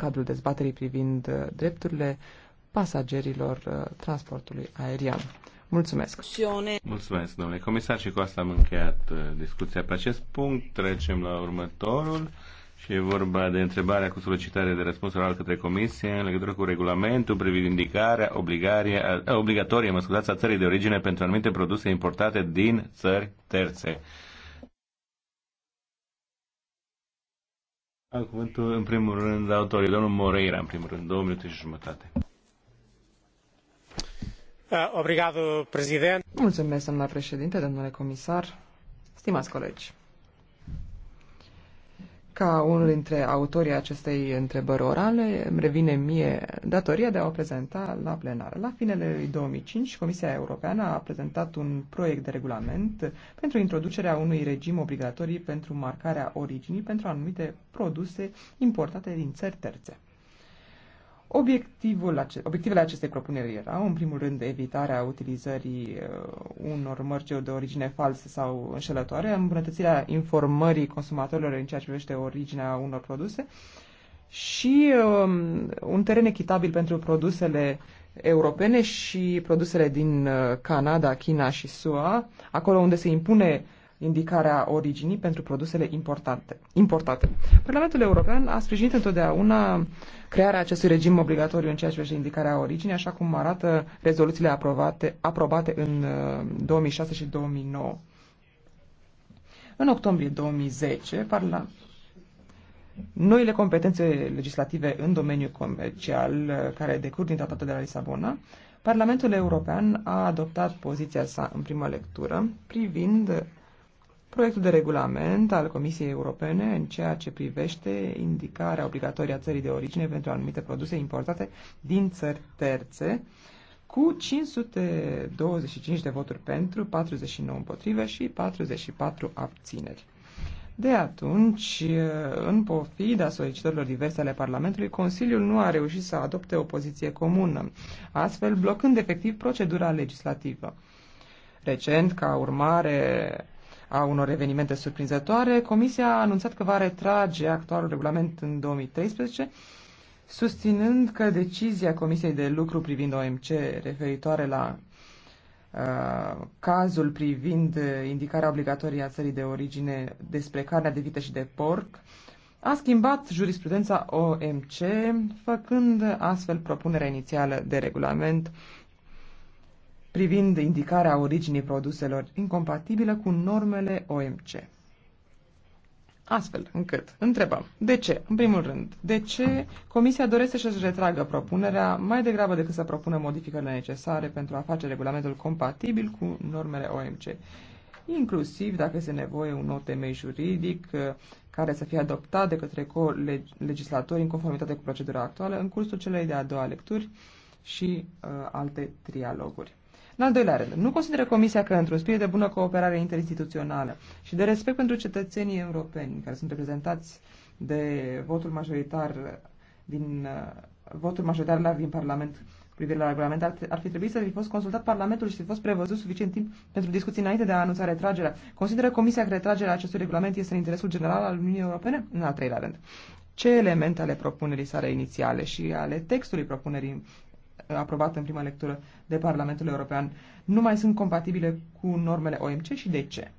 cadrul dezbaterii privind uh, drepturile pasagerilor uh, transportului aerian. Mulțumesc! Mulțumesc, domnule comisar, și cu asta am încheiat uh, discuția pe acest punct. Trecem la următorul. Și e vorba de întrebarea cu solicitare de răspuns oral către Comisie în legătură cu regulamentul privind indicarea obligatorie mă scuzați, a țării de origine pentru anumite produse importate din țări terțe. Au cuvântul, în primul rând, autorii, domnul Moreira, în primul rând, două minute și jumătate. Uh, obrigado, președinte. Mulțumesc, domnule președinte, domnule comisar, stimați colegi. Ca unul dintre autorii acestei întrebări orale, îmi revine mie datoria de a o prezenta la plenară. La finele lui 2005, Comisia Europeană a prezentat un proiect de regulament pentru introducerea unui regim obligatoriu pentru marcarea originii pentru anumite produse importate din țări terțe. Obiectivul ace- obiectivele acestei propuneri erau, în primul rând, evitarea utilizării uh, unor mărci de origine false sau înșelătoare, îmbunătățirea informării consumatorilor în ceea ce privește originea unor produse și um, un teren echitabil pentru produsele europene și produsele din uh, Canada, China și SUA, acolo unde se impune uh, indicarea originii pentru produsele importante, importate. Parlamentul European a sprijinit întotdeauna crearea acestui regim obligatoriu în ceea ce privește indicarea originii, așa cum arată rezoluțiile aprobate, aprobate în 2006 uh, și 2009. În octombrie 2010, Parlamentul noile competențe legislative în domeniul comercial, uh, care decurg din tratatul de la Lisabona, Parlamentul European a adoptat poziția sa în primă lectură privind proiectul de regulament al Comisiei Europene în ceea ce privește indicarea obligatorie a țării de origine pentru anumite produse importate din țări terțe, cu 525 de voturi pentru, 49 împotrive și 44 abțineri. De atunci, în pofida solicitărilor diverse ale Parlamentului, Consiliul nu a reușit să adopte o poziție comună, astfel blocând efectiv procedura legislativă. Recent, ca urmare a unor evenimente surprinzătoare, Comisia a anunțat că va retrage actualul regulament în 2013, susținând că decizia Comisiei de lucru privind OMC referitoare la uh, cazul privind indicarea obligatorie a țării de origine despre carnea de vită și de porc a schimbat jurisprudența OMC, făcând astfel propunerea inițială de regulament uh, privind indicarea originii produselor incompatibilă cu normele OMC. Astfel încât întrebăm, de ce, în primul rând, de ce Comisia dorește să-și retragă propunerea mai degrabă decât să propună modificările necesare pentru a face regulamentul compatibil cu normele OMC, inclusiv dacă este nevoie un nou temei juridic uh, care să fie adoptat de către legislatori în conformitate cu procedura actuală în cursul celei de-a doua lecturi și uh, alte trialoguri. În al doilea rând, nu consideră Comisia că, într-un spirit de bună cooperare interinstituțională și de respect pentru cetățenii europeni care sunt reprezentați de votul majoritar din uh, votul majoritar la din Parlament privire la regulament, ar, ar fi trebuit să fi fost consultat Parlamentul și să fi fost prevăzut suficient timp pentru discuții înainte de a anunța retragerea. Consideră Comisia că retragerea acestui regulament este în interesul general al Uniunii Europene? În al treilea rând ce elemente ale propunerii sale inițiale și ale textului propunerii aprobată în prima lectură de Parlamentul European nu mai sunt compatibile cu normele OMC și de ce?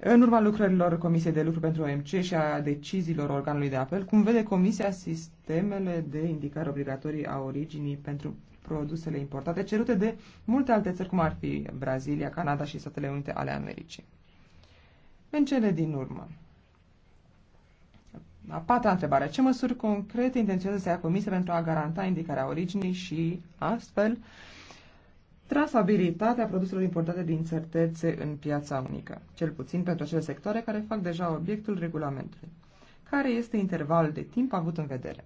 În urma lucrărilor Comisiei de Lucru pentru OMC și a deciziilor organului de apel, cum vede Comisia sistemele de indicare obligatorii a originii pentru produsele importate cerute de multe alte țări, cum ar fi Brazilia, Canada și Statele Unite ale Americii. În cele din urmă, a patra întrebare. Ce măsuri concrete intenționează să ia comisia pentru a garanta indicarea originii și, astfel, trasabilitatea produselor importate din țări în piața unică, cel puțin pentru acele sectoare care fac deja obiectul regulamentului? Care este intervalul de timp avut în vedere?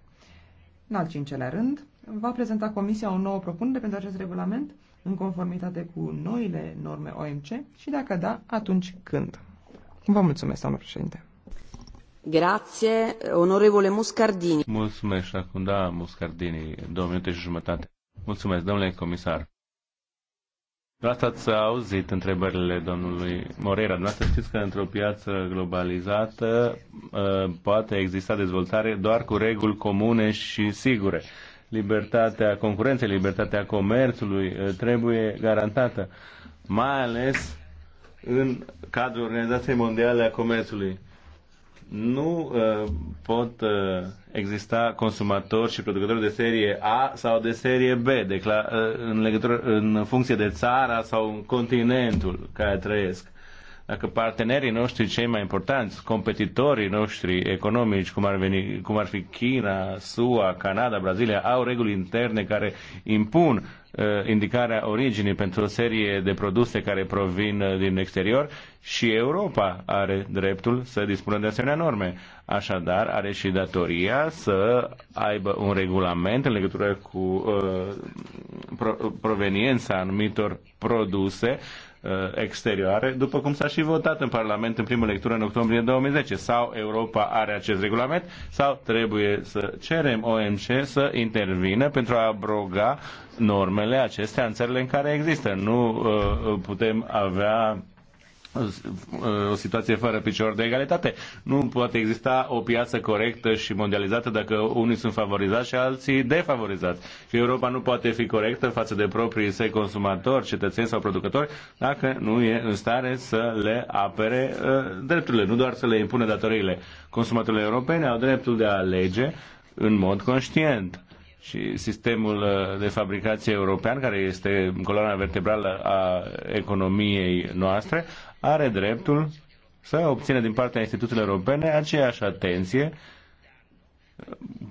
În al cincelea rând, va prezenta Comisia o nouă propunere pentru acest regulament în conformitate cu noile norme OMC și, dacă da, atunci când? Vă mulțumesc, doamnă președinte. Grazie, onorevole Muscardini. Mulțumesc acum, da, Muscardini, două minute și jumătate. Mulțumesc, domnule comisar. Asta ați auzit întrebările domnului Morera. Dumneavoastră știți că într-o piață globalizată uh, poate exista dezvoltare doar cu reguli comune și sigure. Libertatea concurenței, libertatea comerțului uh, trebuie garantată, mai ales în cadrul Organizației Mondiale a Comerțului nu uh, pot uh, exista consumatori și producători de serie A sau de serie B decla- uh, în, legătură, în funcție de țara sau în continentul care trăiesc. Dacă partenerii noștri cei mai importanți, competitorii noștri economici, cum ar, veni, cum ar fi China, SUA, Canada, Brazilia, au reguli interne care impun Uh, indicarea originii pentru o serie de produse care provin uh, din exterior și Europa are dreptul să dispună de asemenea norme. Așadar, are și datoria să aibă un regulament în legătură cu uh, proveniența anumitor produse uh, Uh, exterioare, după cum s-a și votat în Parlament în primă lectură în octombrie 2010. Sau Europa are acest regulament, sau trebuie să cerem OMC să intervină pentru a abroga normele acestea în țările în care există. Nu uh, putem avea o situație fără picior de egalitate. Nu poate exista o piață corectă și mondializată dacă unii sunt favorizați și alții defavorizați. Și Europa nu poate fi corectă față de proprii săi consumatori, cetățeni sau producători dacă nu e în stare să le apere uh, drepturile, nu doar să le impune datoriile. Consumatorii europeni au dreptul de a alege în mod conștient și sistemul uh, de fabricație european, care este coloana vertebrală a economiei noastre, are dreptul să obțină din partea instituțiilor europene aceeași atenție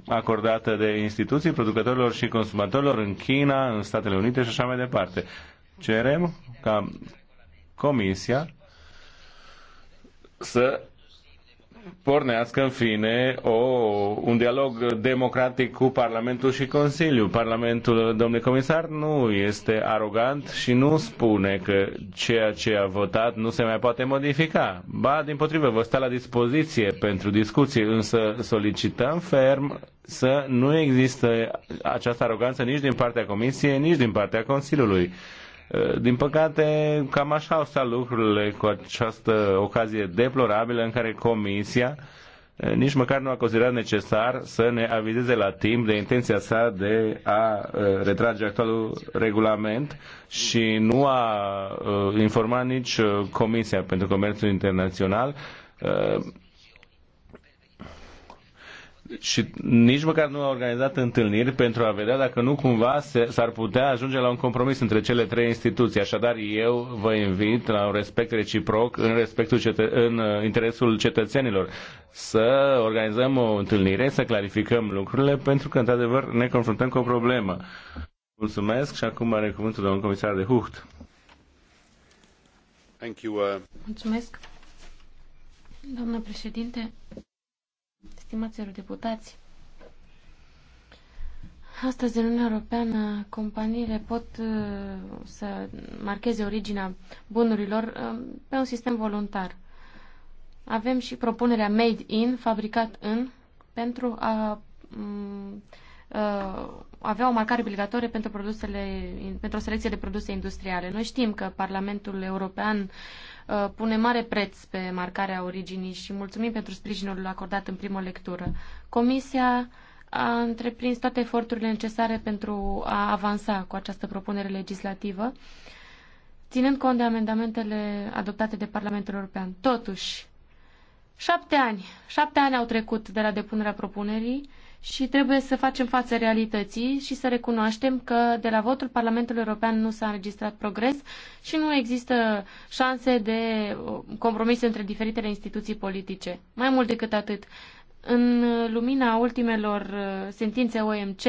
acordată de instituții, producătorilor și consumatorilor în China, în Statele Unite și așa mai departe. Cerem ca Comisia să pornească în fine o, un dialog democratic cu Parlamentul și Consiliul. Parlamentul, domnule comisar, nu este arogant și nu spune că ceea ce a votat nu se mai poate modifica. Ba, din potrivă, vă sta la dispoziție pentru discuții, însă solicităm ferm să nu există această aroganță nici din partea Comisiei, nici din partea Consiliului. Eh, din păcate, cam așa au stat lucrurile cu această ocazie deplorabilă în care Comisia eh, nici măcar nu a considerat necesar să ne avizeze la timp de intenția sa de a eh, retrage actualul regulament și nu a informat nici Comisia pentru Comerțul Internațional și nici măcar nu a organizat întâlniri pentru a vedea dacă nu cumva s-ar putea ajunge la un compromis între cele trei instituții. Așadar, eu vă invit la un respect reciproc în, respectul cetă- în uh, interesul cetățenilor să organizăm o întâlnire, să clarificăm lucrurile, pentru că, într-adevăr, ne confruntăm cu o problemă. Mulțumesc și acum are cuvântul domnul comisar de Hucht. Thank you, uh... Mulțumesc. Doamnă președinte, stimați eurodeputați, astăzi în Uniunea Europeană companiile pot uh, să marcheze originea bunurilor uh, pe un sistem voluntar. Avem și propunerea Made in, fabricat în, pentru a mm, uh, avea o marcare obligatorie pentru, produsele, pentru o selecție de produse industriale. Noi știm că Parlamentul European uh, Uh, pune mare preț pe marcarea originii și mulțumim pentru sprijinul acordat în primă lectură. Comisia a întreprins toate eforturile necesare pentru a avansa cu această propunere legislativă, ținând cont de amendamentele adoptate de Parlamentul European. Totuși, șapte ani, șapte ani au trecut de la depunerea propunerii și trebuie să facem față realității și să recunoaștem că de la votul Parlamentului European nu s-a înregistrat progres și nu există șanse de uh, compromis între diferitele instituții politice. Mai mult decât atât, în lumina ultimelor uh, sentințe OMC,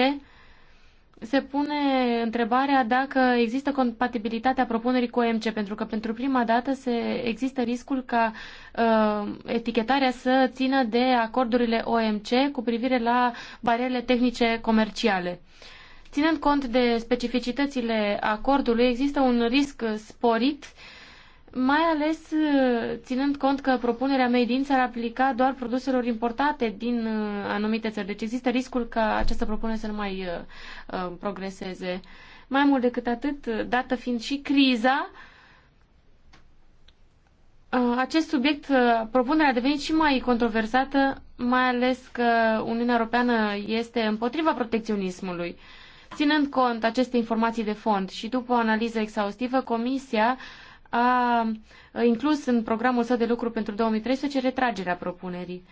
se pune întrebarea dacă există compatibilitatea propunerii cu OMC, pentru că pentru prima dată se există riscul ca uh, etichetarea să țină de acordurile OMC cu privire la barierele tehnice comerciale. Ținând cont de specificitățile acordului, există un risc sporit uh, mai ales uh, ținând cont că propunerea mea din s-ar aplica doar produselor importate din uh, anumite țări. Deci există riscul ca această propunere să nu mai uh, progreseze. Mai mult decât atât, dată fiind și criza, acest subiect, propunerea a devenit și mai controversată, mai ales că Uniunea Europeană este împotriva protecționismului. Ținând cont aceste informații de fond și după o analiză exhaustivă, Comisia a inclus în programul său de lucru pentru 2013 retragerea propunerii.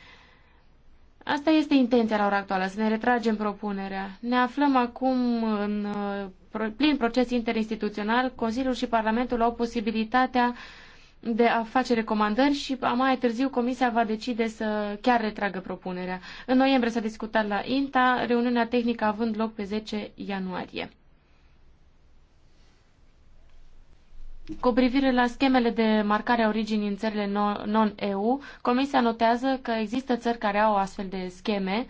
Asta este intenția la ora actuală, să ne retragem propunerea. Ne aflăm acum în uh, plin proces interinstituțional. Consiliul și Parlamentul au posibilitatea de a face recomandări și mai târziu Comisia va decide să chiar retragă propunerea. În noiembrie s-a discutat la INTA, reuniunea tehnică având loc pe 10 ianuarie. Cu privire la schemele de marcare a originii în țările non-EU, Comisia notează că există țări care au astfel de scheme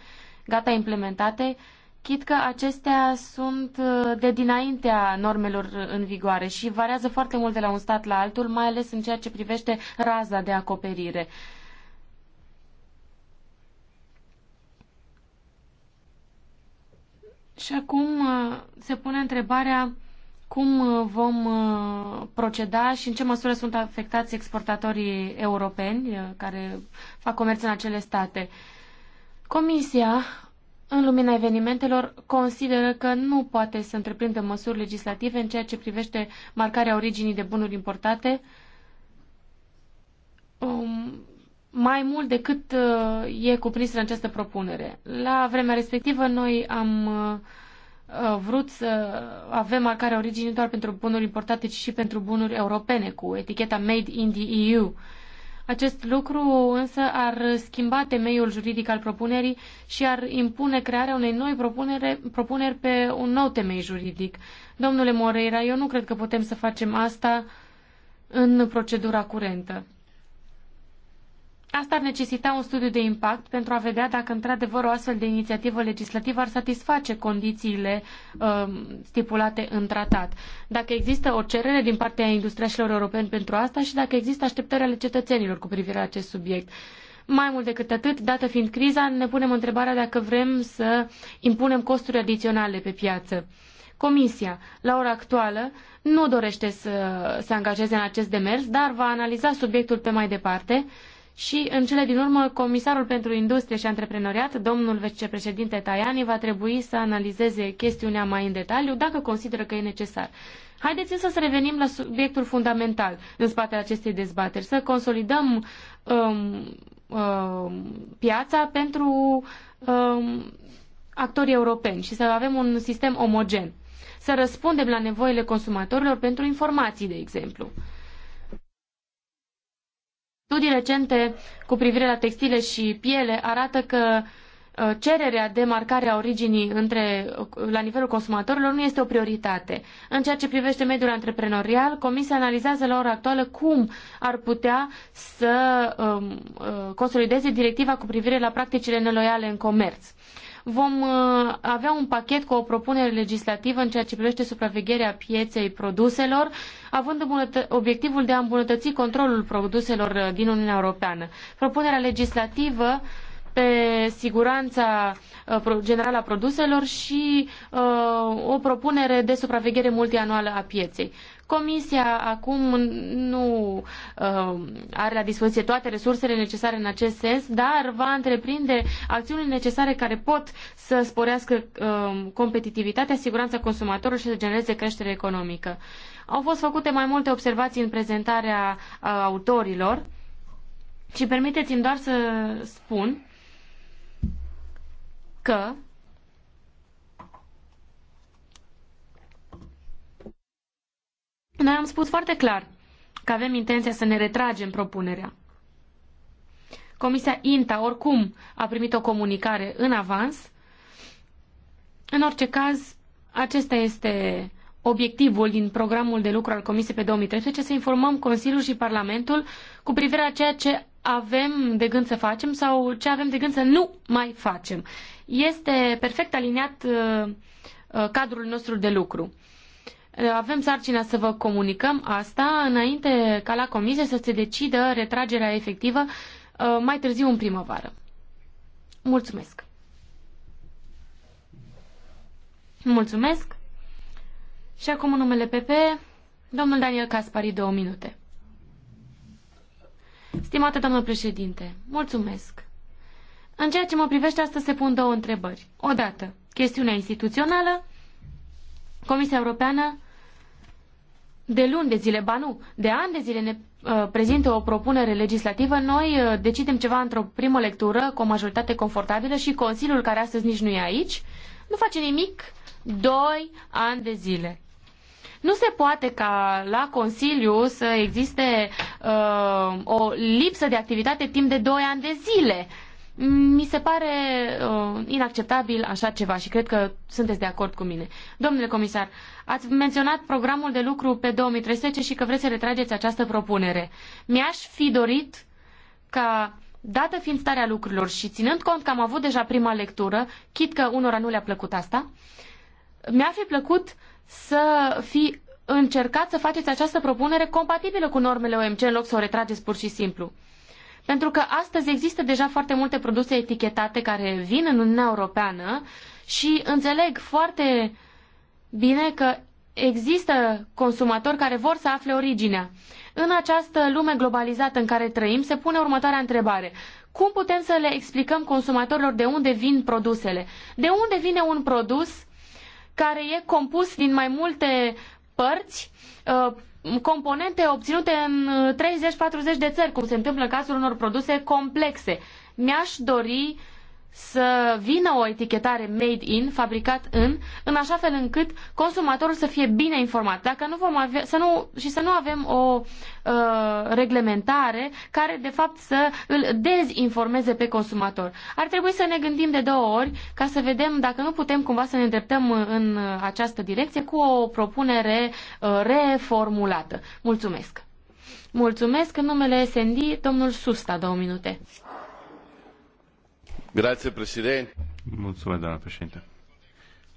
gata implementate, chit că acestea sunt uh, de dinaintea normelor în vigoare și variază foarte mult de la un stat la altul, mai ales în ceea ce privește raza de acoperire. Și acum uh, se pune întrebarea cum uh, vom uh, proceda și în ce măsură sunt afectați exportatorii europeni uh, care fac comerț în acele state. Comisia, în lumina evenimentelor, consideră că nu poate să întreprindă măsuri legislative în ceea ce privește marcarea originii de bunuri importate um, mai mult decât uh, e cuprins în această propunere. La vremea respectivă, noi am uh, Uh, vrut să avem marcarea originii doar pentru bunuri importate, ci și pentru bunuri europene, cu eticheta Made in the EU. Acest lucru însă ar schimba temeiul juridic al propunerii și ar impune crearea unei noi propunere, propuneri pe un nou temei juridic. Domnule Moreira, eu nu cred că putem să facem asta în procedura curentă. Asta ar necesita un studiu de impact pentru a vedea dacă într-adevăr o astfel de inițiativă legislativă ar satisface condițiile uh, stipulate în tratat. Dacă există o cerere din partea industriașilor europeni pentru asta și dacă există așteptări ale cetățenilor cu privire la acest subiect. Mai mult decât atât, dată fiind criza, ne punem întrebarea dacă vrem să impunem costuri adiționale pe piață. Comisia, la ora actuală, nu dorește să se angajeze în acest demers, dar va analiza subiectul pe mai departe. Și, în cele din urmă, Comisarul pentru Industrie și Antreprenoriat, domnul vicepreședinte Tajani, va trebui să analizeze chestiunea mai în detaliu, dacă consideră că e necesar. Haideți să revenim la subiectul fundamental în spatele acestei dezbateri, să consolidăm um, um, piața pentru um, actorii europeni și să avem un sistem omogen. Să răspundem la nevoile consumatorilor pentru informații, de exemplu. Studii recente cu privire la textile și piele arată că uh, cererea de marcare a originii între, uh, la nivelul consumatorilor nu este o prioritate. În ceea ce privește mediul antreprenorial, Comisia analizează la ora actuală cum ar putea să um, uh, consolideze directiva cu privire la practicile neloiale în comerț vom uh, avea un pachet cu o propunere legislativă în ceea ce privește supravegherea pieței produselor, având obiectivul de a îmbunătăți controlul produselor uh, din Uniunea Europeană. Propunerea legislativă pe siguranța uh, generală a produselor și uh, o propunere de supraveghere multianuală a pieței. Comisia acum nu uh, are la dispoziție toate resursele necesare în acest sens, dar va întreprinde acțiunile necesare care pot să sporească competitivitatea, siguranța consumatorului și să genereze creștere economică. Au fost făcute mai multe observații în prezentarea autorilor și permiteți-mi doar să spun că noi am spus foarte clar că avem intenția să ne retragem propunerea. Comisia INTA oricum a primit o comunicare în avans. În orice caz, acesta este obiectivul din programul de lucru al Comisiei pe 2013, să informăm Consiliul și Parlamentul cu privire la ceea ce avem de gând să facem sau ce avem de gând să nu mai facem este perfect aliniat uh, uh, cadrul nostru de lucru. Uh, avem sarcina să vă comunicăm asta înainte ca la comisie să se decidă retragerea efectivă mai târziu în primăvară. Mulțumesc! Mulțumesc! Și acum în numele PP, domnul Daniel Caspari, două minute. Stimată doamnă președinte, mulțumesc! În ceea ce mă privește, astăzi se pun două întrebări. Odată, chestiunea instituțională, Comisia Europeană de luni de zile, ba nu, de ani de zile ne uh, prezintă o propunere legislativă, noi uh, decidem ceva într-o primă lectură cu o majoritate confortabilă și Consiliul, care astăzi nici nu e aici, nu face nimic doi ani de zile. Nu se poate ca la Consiliu să existe uh, o lipsă de activitate timp de doi ani de zile. Uh, mi se pare uh, inacceptabil așa ceva și cred că sunteți de acord cu mine. Domnule comisar, ați menționat programul de lucru pe 2013 și că vreți să retrageți această propunere. Mi-aș fi dorit ca, dată fiind starea lucrurilor și ținând cont că am avut deja prima lectură, chit că unora nu le-a plăcut asta, mi-ar fi plăcut să fi încercat să faceți această propunere compatibilă cu normele OMC în loc să o retrageți pur și simplu. Pentru că astăzi există deja foarte multe produse etichetate care vin în Uniunea Europeană și înțeleg foarte bine că există consumatori care vor să afle originea. În această lume globalizată în care trăim se pune următoarea întrebare. Cum putem să le explicăm consumatorilor de unde vin produsele? De unde vine un produs care e compus din mai multe părți, uh, componente obținute în 30-40 uh, de țări, cum se întâmplă în cazul unor produse complexe. Mi-aș dori să vină o etichetare made in, fabricat în, în așa fel încât consumatorul să fie bine informat. Dacă nu vom avea, să nu, și să nu avem o uh, reglementare care de fapt să îl dezinformeze pe consumator. Ar trebui să ne gândim de două ori ca să vedem dacă nu putem cumva să ne îndreptăm în această direcție cu o propunere uh, reformulată. Mulțumesc! Mulțumesc în numele SND, domnul Susta, două minute. Mulțumesc, doamna președinte.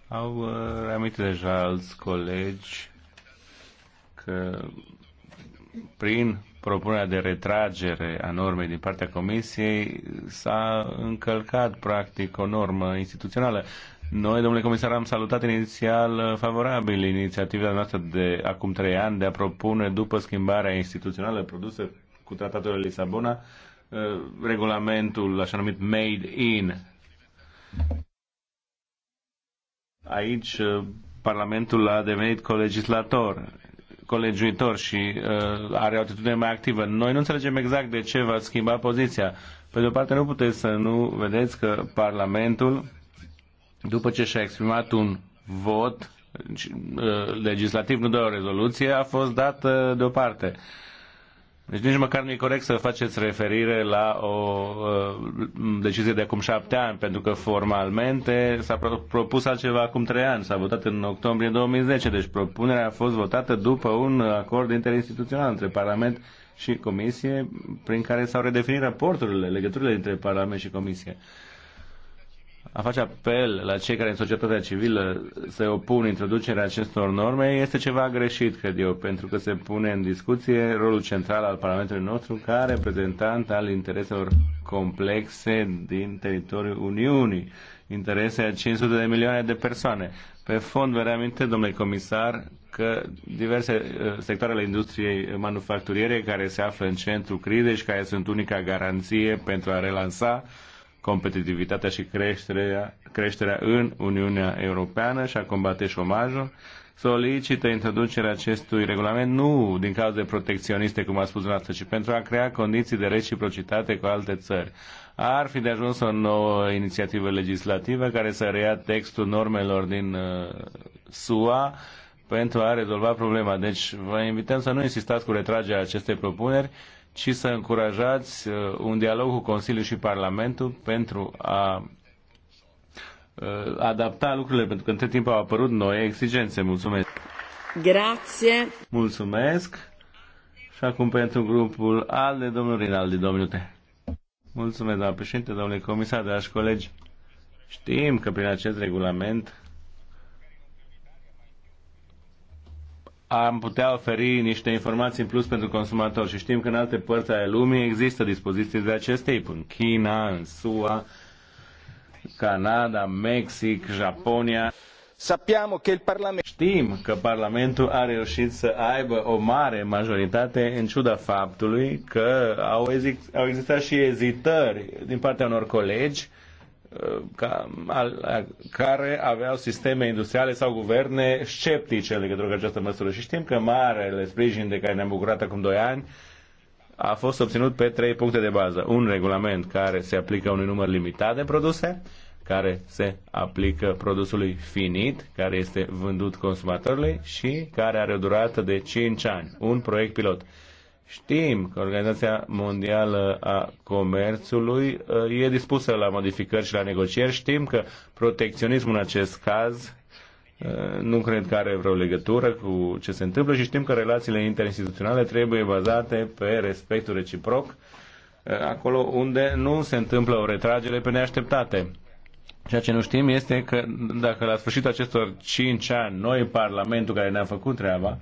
Au uh, reamintit deja alți colegi că prin propunerea de retragere a normei din partea Comisiei s-a încălcat practic o normă instituțională. Noi, domnule comisar, am salutat inițial favorabil inițiativa noastră de acum trei ani de a propune, după schimbarea instituțională produsă cu Tratatul de Lisabona, Uh, regulamentul așa numit Made In. Aici uh, Parlamentul a devenit colegislator, colegiuitor și uh, are o atitudine mai activă. Noi nu înțelegem exact de ce va schimba poziția. Pe de o parte nu puteți să nu vedeți că Parlamentul, după ce și-a exprimat un vot uh, legislativ, nu doar o rezoluție, a fost dată deoparte. Uh, deci nici măcar nu e corect să faceți referire la o uh, decizie de acum șapte ani, pentru că formalmente s-a propus altceva acum trei ani, s-a votat în octombrie 2010, deci propunerea a fost votată după un acord interinstituțional între Parlament și Comisie, prin care s-au redefinit raporturile, legăturile dintre Parlament și Comisie. Uh, a face apel la cei care în societatea civilă se opun introducerea acestor norme este ceva greșit, cred eu, pentru că se pune în discuție rolul central al Parlamentului nostru ca reprezentant al intereselor complexe din teritoriul Uniunii, interese a 500 de milioane de persoane. Pe fond, vă reamintesc, domnule comisar, că diverse uh, sectoare ale industriei manufacturiere care se află în centrul crizei și care sunt unica garanție pentru a relansa competitivitatea și creșterea, creșterea în Uniunea Europeană și a combate șomajul, solicită introducerea acestui regulament nu din cauze protecționiste, cum a spus dumneavoastră, ci pentru a crea condiții de reciprocitate cu alte țări. Ar fi de ajuns o nouă inițiativă legislativă care să reia textul normelor din uh, SUA pentru a rezolva problema. Deci vă invităm să nu insistați cu retragerea acestei propuneri, uh, ci să încurajați uh, un dialog cu Consiliul și Parlamentul pentru a uh, adapta lucrurile, pentru că între timp au apărut noi exigențe. Mulțumesc! Grație! Mulțumesc! Și acum pentru grupul al de domnul Rinaldi, două minute. Mulțumesc, doamnă președinte, domnule comisar, dragi colegi. Știm că prin acest regulament am putea oferi niște informații în plus pentru consumatori și știm că în alte părți ale lumii există dispoziții de acest tip, în China, în SUA, Canada, Mexic, Japonia. Sappiamo che il Parlamento... Știm că Parlamentul a reușit să aibă o mare majoritate în ciuda faptului că au, exist- au existat și ezitări din partea unor colegi uh, ca, al, care aveau sisteme industriale sau guverne sceptice legătură cu această măsură. Și știm că marele sprijin de care ne-am bucurat acum 2 ani a fost obținut pe trei puncte de bază. Un regulament care se aplică unui număr limitat de produse, care se aplică produsului finit, care este vândut consumatorului și care are o durată de 5 ani. Un proiect pilot. Știm că Organizația Mondială a Comerțului uh, e dispusă la modificări și la negocieri. Știm că protecționismul în acest caz uh, nu cred că are vreo legătură cu ce se întâmplă și știm că relațiile interinstituționale trebuie bazate pe respectul reciproc uh, acolo unde nu se întâmplă o retragere pe neașteptate. Ceea ce nu știm este că dacă la sfârșitul acestor 5 ani noi, Parlamentul care ne-a făcut treaba,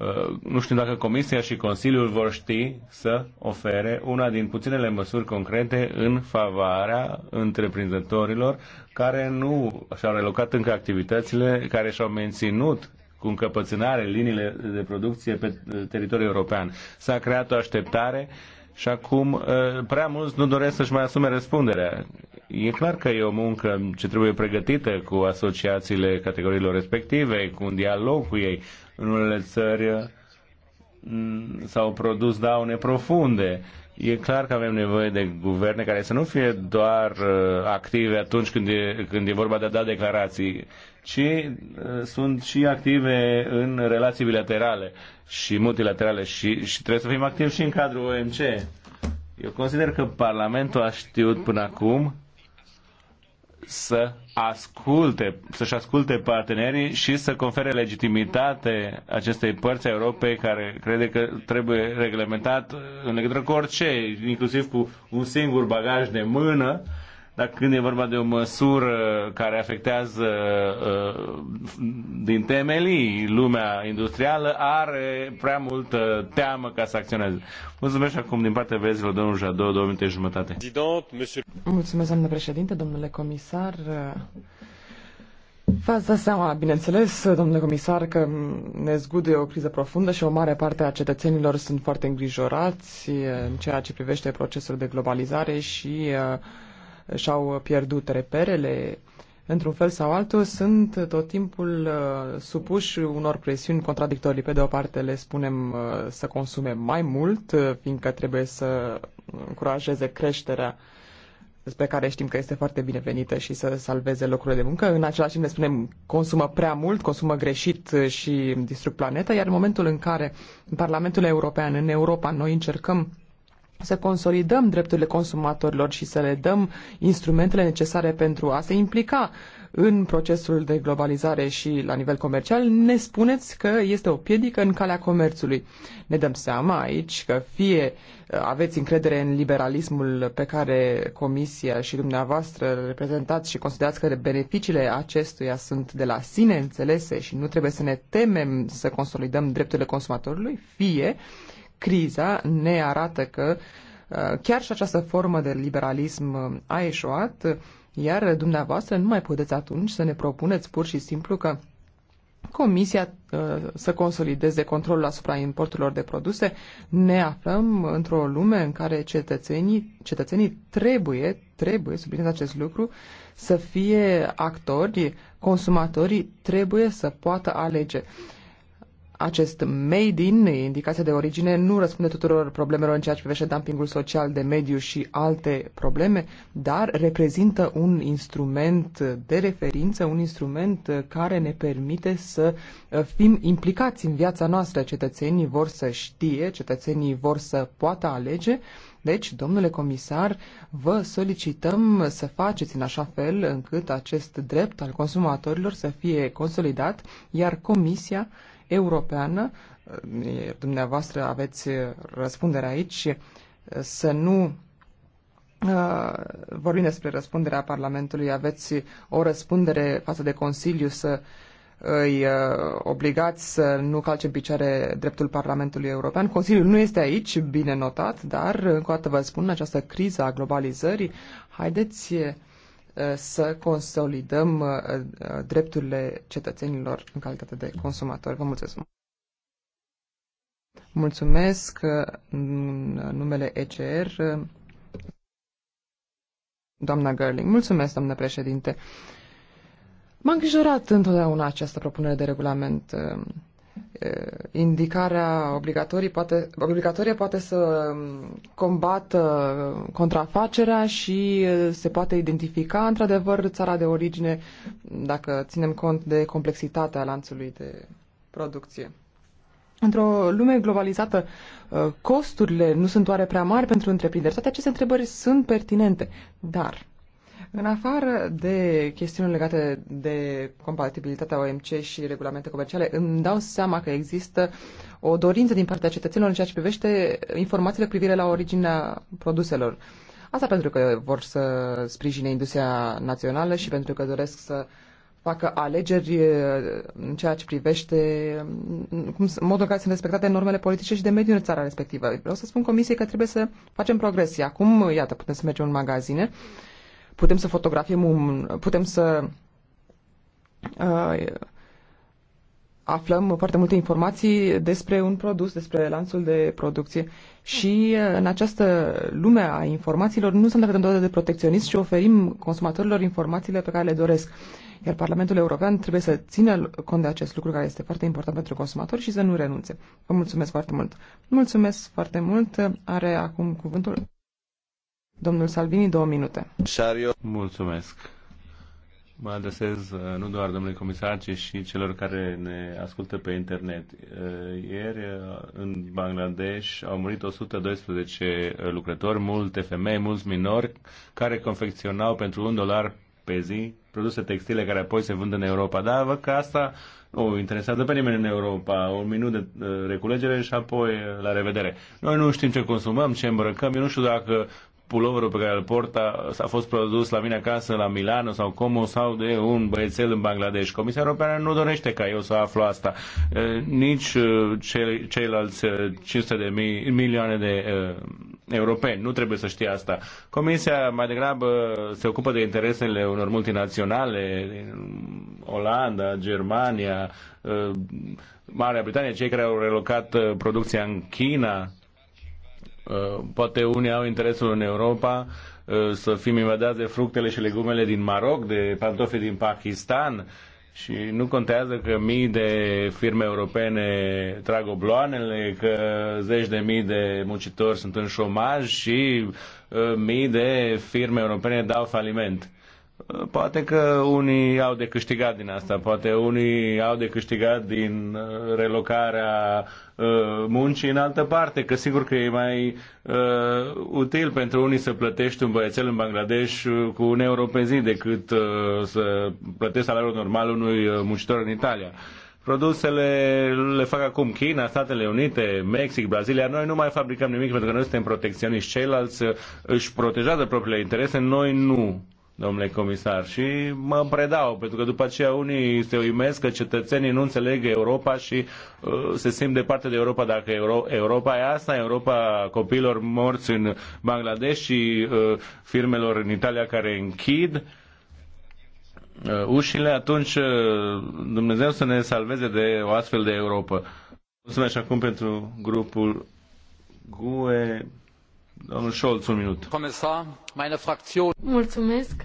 Uh, nu știu dacă Comisia și Consiliul vor ști să ofere una din puținele măsuri concrete în favoarea întreprinzătorilor care nu și-au relocat încă activitățile, care și-au menținut cu încăpățânare liniile de producție pe uh, teritoriul european. S-a creat o așteptare și acum uh, prea mulți nu doresc să-și mai asume răspunderea. E clar că e o muncă ce trebuie pregătită cu asociațiile categoriilor respective, cu un dialog cu ei, în unele țări mm, s-au produs daune profunde. E clar că avem nevoie de guverne care să nu fie doar uh, active atunci când e, când e vorba de a da declarații, ci uh, sunt și active în relații bilaterale și multilaterale și, și trebuie să fim activi și în cadrul OMC. Eu consider că Parlamentul a știut până acum să asculte, să-și asculte partenerii și să confere legitimitate acestei părți a Europei care crede că trebuie reglementat în legătură cu orice, inclusiv cu un singur bagaj de mână dar când e vorba de o măsură care afectează uh, din temelii lumea industrială, are prea multă teamă ca să acționeze. Mulțumesc acum din partea vezilor, domnul Jadot, două minute jumătate. Mulțumesc, domnule președinte, domnule comisar. V-ați dat seama, bineînțeles, domnule comisar, că ne zgude o criză profundă și o mare parte a cetățenilor sunt foarte îngrijorați în ceea ce privește procesul de globalizare și uh, și-au pierdut reperele, într-un fel sau altul, sunt tot timpul uh, supuși unor presiuni contradictorii. Pe de o parte le spunem uh, să consume mai mult, uh, fiindcă trebuie să încurajeze creșterea despre care știm că este foarte binevenită și să salveze locurile de muncă. În același timp ne spunem consumă prea mult, consumă greșit și distrug planeta, iar în momentul în care în Parlamentul European, în Europa, noi încercăm să consolidăm drepturile consumatorilor și să le dăm instrumentele necesare pentru a se implica în procesul de globalizare și la nivel comercial, ne spuneți că este o piedică în calea comerțului. Ne dăm seama aici că fie uh, aveți încredere în liberalismul pe care Comisia și dumneavoastră reprezentați și considerați că beneficiile acestuia sunt de la sine înțelese și nu trebuie să ne temem să consolidăm drepturile consumatorului, fie uh, criza ne arată că uh, chiar și această formă de liberalism uh, a eșuat, iar dumneavoastră nu mai puteți atunci să ne propuneți pur și simplu că Comisia uh, să consolideze controlul asupra importurilor de produse, ne aflăm într-o lume în care cetățenii, cetățenii trebuie, trebuie, subliniez acest lucru, să fie actori, consumatorii trebuie să poată alege. Uh, acest made in, indicația de origine, nu răspunde tuturor problemelor în ceea ce privește dumpingul social de mediu și alte probleme, dar reprezintă un instrument de referință, un instrument care ne permite să uh, fim implicați în viața noastră. Cetățenii vor să știe, cetățenii vor să poată alege deci, domnule comisar, vă solicităm să faceți în așa fel încât acest drept al consumatorilor să fie consolidat, iar Comisia europeană, dumneavoastră aveți răspundere aici, uh, să nu uh, vorbim despre răspunderea Parlamentului, aveți o răspundere față de Consiliu să îi uh, obligați să nu calce în picioare dreptul Parlamentului European. Consiliul nu este aici, bine notat, dar încă o dată vă spun, această criză a globalizării, haideți să consolidăm uh, uh, drepturile cetățenilor în calitate de consumatori. Vă mulțumesc! Mulțumesc uh, în numele ECR, doamna Gerling. Mulțumesc, doamnă președinte. M-a îngrijorat întotdeauna această propunere de regulament indicarea obligatorie poate, obligatorie poate să combată contrafacerea și se poate identifica într-adevăr țara de origine dacă ținem cont de complexitatea lanțului de producție. Într-o lume globalizată, costurile nu sunt oare prea mari pentru întreprinderi? Toate aceste întrebări sunt pertinente, dar în afară de chestiuni legate de compatibilitatea OMC și regulamente comerciale, îmi dau seama că există o dorință din partea cetățenilor în ceea ce privește informațiile cu privire la originea produselor. Asta pentru că vor să sprijine industria națională și pentru că doresc să facă alegeri eh, în ceea ce privește mm, cum, modul în care sunt respectate normele politice și de mediu în țara respectivă. Vreau să spun comisiei că trebuie să facem progresie. Acum, iată, putem să mergem în magazine putem să fotografiem un, putem să uh, aflăm foarte multe informații despre un produs, despre lanțul de producție și uh, în această lume a informațiilor nu suntem atât de protecționist și oferim consumatorilor informațiile pe care le doresc. Iar Parlamentul European trebuie să țină cont de acest lucru care este foarte important pentru consumatori și să nu renunțe. Vă mulțumesc foarte mult. Mulțumesc foarte mult. Are acum cuvântul Domnul Salvini, două minute. Mulțumesc. Mă adresez uh, nu doar domnului comisar, ci și celor care ne ascultă pe internet. Uh, ieri, uh, în Bangladesh, au murit 112 lucrători, multe femei, mulți minori, care confecționau pentru un dolar pe zi produse textile care apoi se vând în Europa. Dar văd că asta nu interesează pe nimeni în Europa. Un minut de reculegere și apoi la revedere. Noi nu știm ce consumăm, ce îmbrăcăm. Eu nu știu dacă puloverul pe care îl porta s-a fost produs la mine acasă, la Milano sau Como sau de un băiețel în Bangladesh. Comisia Europeană nu dorește ca eu să aflu asta. Nici ceilalți 500 de mii, milioane de europeni. Nu trebuie să știe asta. Comisia mai degrabă se ocupă de interesele unor multinaționale, Olanda, Germania, Marea Britanie, cei care au relocat producția în China Uh, poate unii au interesul în Europa uh, să fim invadați de fructele și legumele din Maroc, de pantofi din Pakistan și nu contează că mii de firme europene trag obloanele, că zeci de mii de muncitori sunt în șomaj și uh, mii de firme europene dau faliment Uh, poate că unii au de câștigat din asta, poate unii au de câștigat din uh, relocarea uh, muncii în altă parte, că sigur că e mai uh, util pentru unii să plătești un băiețel în Bangladesh cu un euro pe zi decât uh, să plătești salariul normal unui muncitor în Italia. Produsele le fac acum China, Statele Unite, Mexic, Brazilia. Noi nu mai fabricăm nimic pentru că noi suntem protecționiști. Ceilalți își protejează propriile interese, noi nu domnule comisar. Și mă predau, pentru că după aceea unii se uimesc că cetățenii nu înțeleg Europa și uh, se simt departe de Europa dacă Euro- Europa e asta, Europa copiilor morți în Bangladesh și uh, firmelor în Italia care închid uh, ușile, atunci uh, Dumnezeu să ne salveze de o astfel de Europa. Mulțumesc acum pentru grupul GUE. Comisar, Mulțumesc.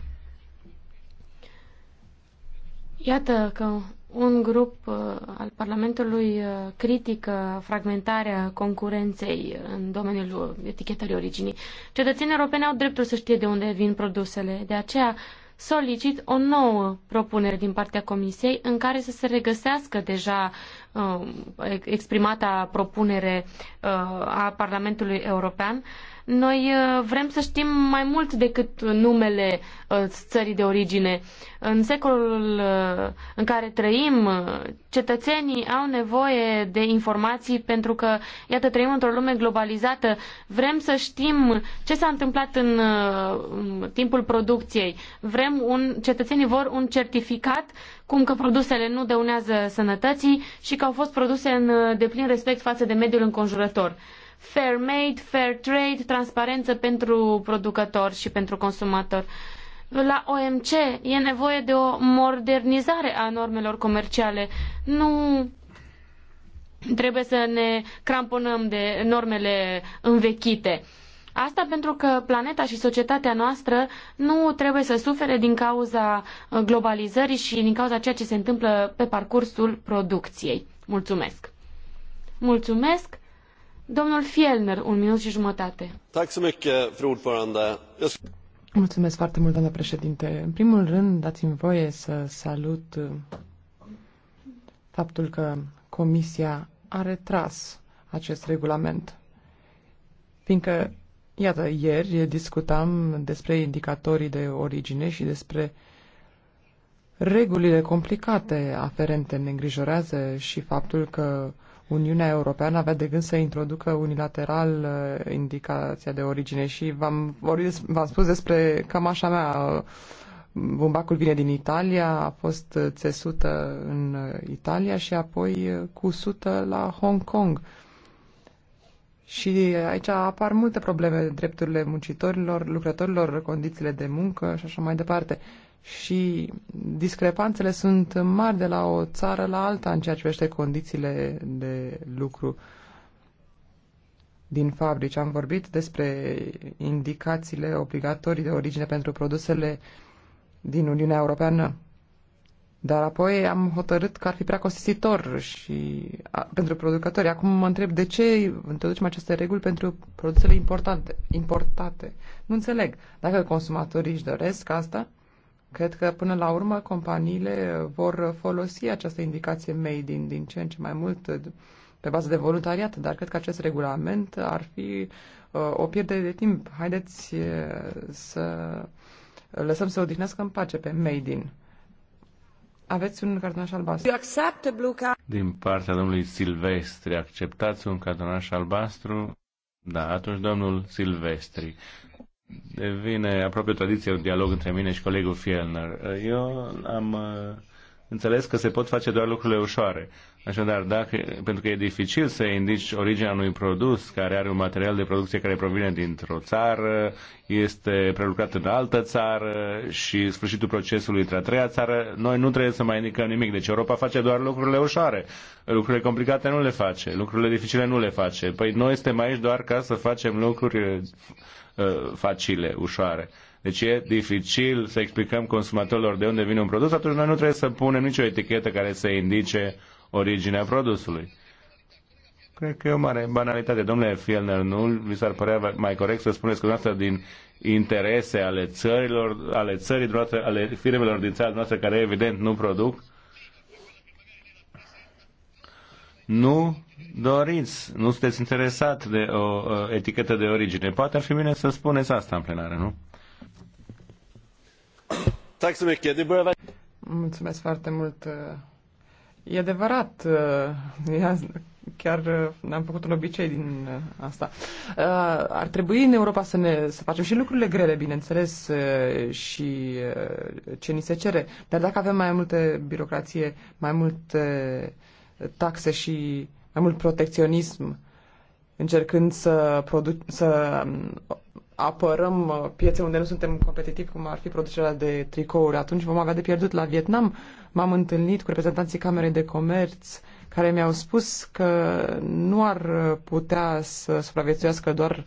Iată că un grup uh, al Parlamentului uh, critică fragmentarea concurenței în domeniul etichetării originii. Cetățenii europeni au dreptul să știe de unde vin produsele, de aceea solicit o nouă propunere din partea Comisiei în care să se regăsească deja um, exprimata propunere uh, a Parlamentului European noi uh, vrem să știm mai mult decât numele uh, țării de origine. În secolul uh, în care trăim, cetățenii au nevoie de informații pentru că, iată, trăim într-o lume globalizată. Vrem să știm ce s-a întâmplat în timpul producției. Vrem un, cetățenii vor un certificat cum că produsele nu dăunează sănătății și că au fost produse în deplin respect față de mediul înconjurător fair made, fair trade, transparență pentru producător și pentru consumator. La OMC e nevoie de o modernizare a normelor comerciale. Nu trebuie să ne cramponăm de normele învechite. Asta pentru că planeta și societatea noastră nu trebuie să sufere din cauza globalizării și din cauza ceea ce se întâmplă pe parcursul producției. Mulțumesc! Mulțumesc! Domnul Fielner, un minut și jumătate. Mulțumesc foarte mult, doamna președinte. În primul rând, dați-mi voie să salut uh, faptul că Comisia a retras acest regulament. Fiindcă, iată, ieri discutam despre indicatorii de origine și despre regulile complicate aferente. Ne îngrijorează și faptul că Uniunea Europeană avea de gând să introducă unilateral uh, indicația de origine și v-am, v-am spus despre cam așa mea. Uh, bumbacul vine din Italia, a fost uh, țesută în Italia și apoi cusută la Hong Kong. Și aici apar multe probleme, drepturile muncitorilor, lucrătorilor, condițiile de muncă și așa mai departe. Uh, și discrepanțele sunt mari de la o țară la alta în ceea ce privește condițiile de lucru din fabrici. Am vorbit despre indicațiile obligatorii de origine pentru produsele din Uniunea Europeană. Dar apoi am hotărât că ar fi prea costisitor și a, pentru producători. Acum mă întreb de ce introducem aceste reguli pentru produsele importante, importate. Nu înțeleg. Dacă consumatorii își doresc asta, Cred că până la urmă companiile vor folosi această indicație made in din ce în ce mai mult pe bază de voluntariat, dar cred că acest regulament ar fi uh, o pierdere de timp. Haideți uh, să lăsăm să odihnească în pace pe Made in. Aveți un cartonaș albastru. You accept blue card. Din partea domnului Silvestri, acceptați un cartonaș albastru? Da, atunci domnul Silvestri devine aproape o tradiție un dialog între mine și colegul Fielner. Eu am uh, înțeles că se pot face doar lucrurile ușoare. Așadar, dacă, pentru că e dificil să indici originea unui produs care are un material de producție care provine dintr-o țară, este prelucrat în altă țară și sfârșitul procesului într-a treia țară, noi nu trebuie să mai indicăm nimic. Deci Europa face doar lucrurile ușoare. Lucrurile complicate nu le face, lucrurile dificile nu le face. Păi noi suntem aici doar ca să facem lucruri Uh, facile, ușoare. Deci e dificil să explicăm consumatorilor de unde vine un produs, atunci noi nu trebuie să punem nicio etichetă care să indice originea produsului. Cred că e o mare banalitate. Domnule Fielner, nu vi s-ar părea mai corect să spuneți că dumneavoastră din interese ale țărilor, ale țării ale firmelor din țara noastră care evident nu produc, nu doriți, nu sunteți interesat de o etichetă de origine. Poate ar fi bine să spuneți asta în plenară, nu? Mulțumesc foarte mult. E adevărat, uh, chiar uh, ne-am făcut un obicei din uh, asta. Ar trebui în Europa să, ne, să facem și lucrurile grele, bineînțeles, și ce ni se cere. Dar dacă avem mai multe birocrație, mai multe taxe și mai mult protecționism, încercând să, produ- să um, apărăm uh, piețe unde nu suntem competitivi, cum ar fi producerea de tricouri. Atunci vom avea de pierdut la Vietnam. M-am întâlnit cu reprezentanții Camerei de Comerț care mi-au spus că nu ar putea să supraviețuiască doar uh,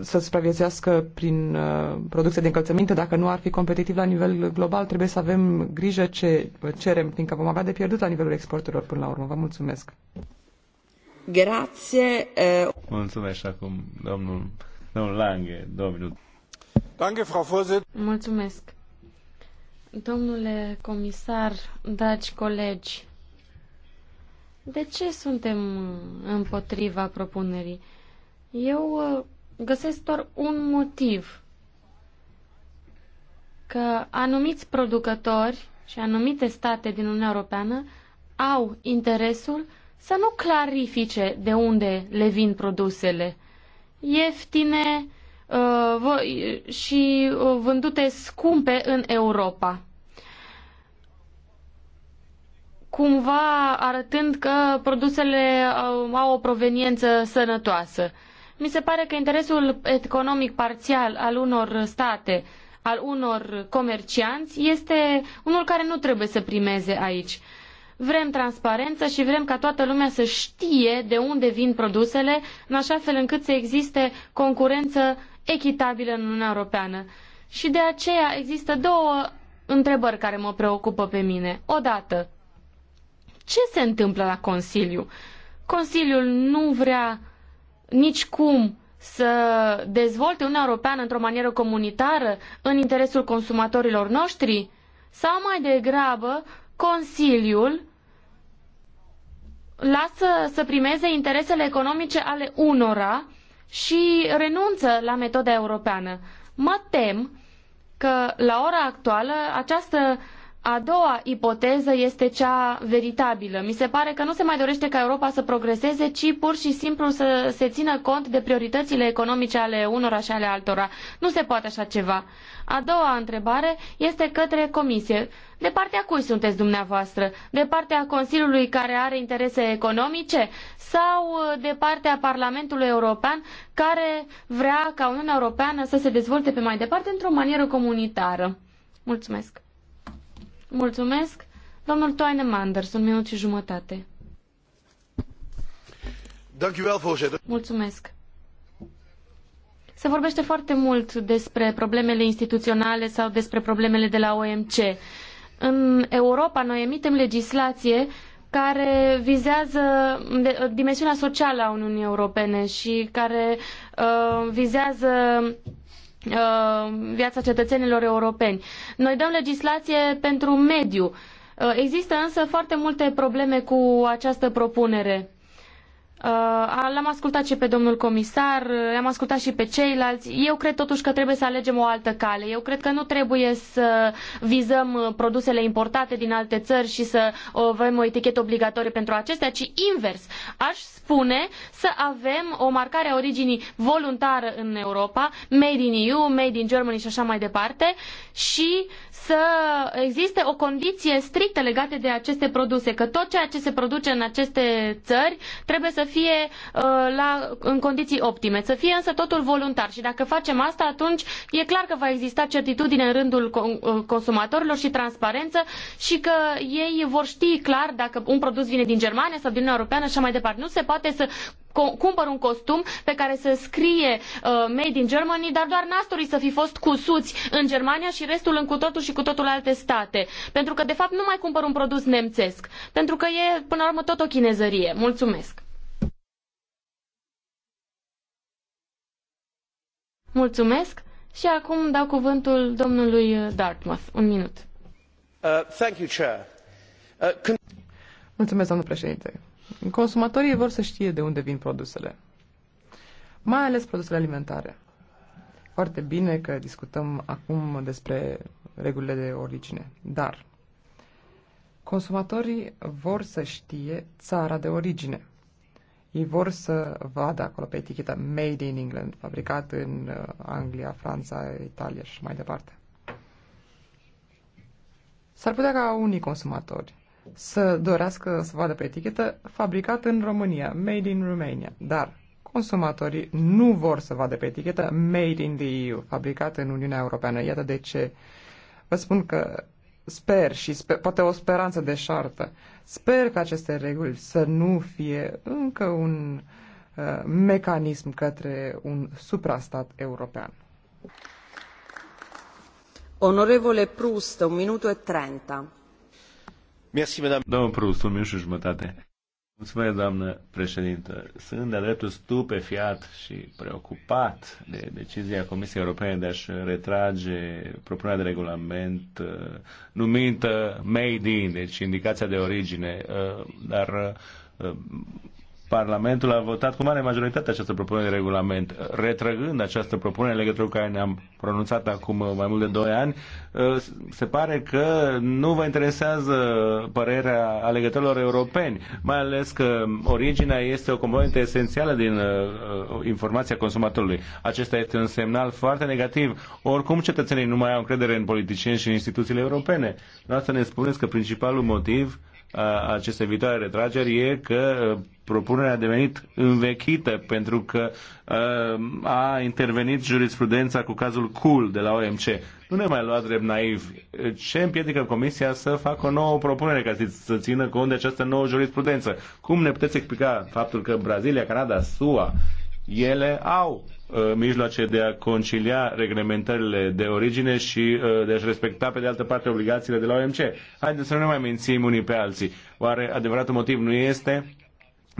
să supraviețuiască prin uh, producție de încălțăminte, dacă nu ar fi competitiv la nivel global, trebuie să avem grijă ce cerem, fiindcă vom avea de pierdut la nivelul exporturilor până la urmă. Vă mulțumesc! Grație! Uh, mulțumesc acum, domnul, domnul Lange, două minute. Danke, Frau Mulțumesc! Domnule comisar, dragi colegi, de ce suntem împotriva propunerii? Eu uh, găsesc doar un motiv că anumiți producători și anumite state din Uniunea Europeană au interesul să nu clarifice de unde le vin produsele ieftine uh, și uh, vândute scumpe în Europa. Cumva arătând că produsele uh, au o proveniență sănătoasă mi se pare că interesul economic parțial al unor state, al unor comercianți, este unul care nu trebuie să primeze aici. Vrem transparență și vrem ca toată lumea să știe de unde vin produsele, în așa fel încât să existe concurență echitabilă în Uniunea Europeană. Și de aceea există două întrebări care mă preocupă pe mine. Odată, ce se întâmplă la Consiliu? Consiliul nu vrea nici cum să dezvolte Uniunea Europeană într-o manieră comunitară în interesul consumatorilor noștri? Sau mai degrabă Consiliul lasă să primeze interesele economice ale unora și renunță la metoda europeană. Mă tem că la ora actuală această a doua ipoteză este cea veritabilă. Mi se pare că nu se mai dorește ca Europa să progreseze, ci pur și simplu să se țină cont de prioritățile economice ale unora și ale altora. Nu se poate așa ceva. A doua întrebare este către Comisie. De partea cui sunteți dumneavoastră? De partea Consiliului care are interese economice sau uh, de partea Parlamentului European care vrea ca Uniunea Europeană să se dezvolte pe mai departe într-o manieră comunitară? Mulțumesc! Mulțumesc. Domnul Toine Manders, un minut și jumătate. Mulțumesc. Se vorbește foarte mult despre problemele instituționale sau despre problemele de la OMC. În Europa noi emitem legislație care vizează dimensiunea socială a Uniunii Europene și care uh, vizează Uh, viața cetățenilor europeni. Noi dăm legislație pentru mediu. Uh, există însă foarte multe probleme cu această propunere. Uh, l-am ascultat și pe domnul comisar, uh, l-am ascultat și pe ceilalți. Eu cred totuși că trebuie să alegem o altă cale. Eu cred că nu trebuie să vizăm uh, produsele importate din alte țări și să avem o etichetă obligatorie pentru acestea, ci invers. Aș spune să avem o marcare a originii voluntară în Europa, made in EU, made in Germany și așa mai departe, și să existe o condiție strictă legată de aceste produse, că tot ceea ce se produce în aceste țări trebuie să fie uh, la, în condiții optime, să fie însă totul voluntar și dacă facem asta, atunci e clar că va exista certitudine în rândul uh, consumatorilor și transparență și că ei vor ști clar dacă un produs vine din Germania sau din Uniunea Europeană și așa mai departe. Nu se poate să cumpăr un costum pe care să scrie uh, Made in Germany, dar doar nasturii să fi fost cusuți în Germania și restul în cu totul și cu totul alte state. Pentru că, de fapt, nu mai cumpăr un produs nemțesc. Pentru că e, până la urmă, tot o chinezărie. Mulțumesc! Mulțumesc și acum dau cuvântul domnului uh, Dartmouth. Un minut. Uh, thank you, Chair. Uh, Mulțumesc, domnul președinte. Consumatorii vor să știe de unde vin produsele, mai ales produsele alimentare. Foarte bine că discutăm acum despre regulile de origine, dar consumatorii vor să știe țara de origine ei vor să vadă acolo pe eticheta Made in England, fabricat în uh, Anglia, Franța, Italia și mai departe. S-ar putea ca unii consumatori să dorească să vadă pe etichetă fabricat în România, Made in Romania, dar consumatorii nu vor să vadă pe etichetă Made in the EU, fabricat în Uniunea Europeană. Iată de ce vă spun că sper și sper, poate o speranță de șartă, Sper că aceste reguli să nu fie încă un uh, mecanism către un suprastat european. Onorevole Proust, un minut e trenta. Mersi, madame. Domnul Proust, un minut și jumătate. Mulțumesc, doamnă președintă. Sunt de dreptul stupefiat și preocupat de decizia Comisiei Europene de a-și retrage propunerea de regulament uh, numită Made in, deci indicația de origine, uh, dar uh, Parlamentul a votat cu mare majoritate această propunere de regulament. Retrăgând această propunere în legătură cu care ne-am pronunțat acum mai mult de 2 ani, uh, se pare că nu vă interesează părerea alegătorilor europeni, mai ales că originea este o componentă esențială din uh, uh, informația consumatorului. Acesta este un semnal foarte negativ. Oricum cetățenii nu mai au încredere în politicieni și în instituțiile europene. Asta ne spuneți că principalul motiv acestei viitoare retrageri e că propunerea a devenit învechită pentru că uh, a intervenit jurisprudența cu cazul Cool de la OMC. Nu ne mai lua drept naiv. Ce împiedică Comisia să facă o nouă propunere ca să țină cont de această nouă jurisprudență? Cum ne puteți explica faptul că Brazilia, Canada, SUA, ele au uh, mijloace de a concilia reglementările de origine și uh, de a-și respecta pe de altă parte obligațiile de la OMC. Haideți să nu ne mai mințim unii pe alții. Oare adevăratul motiv nu este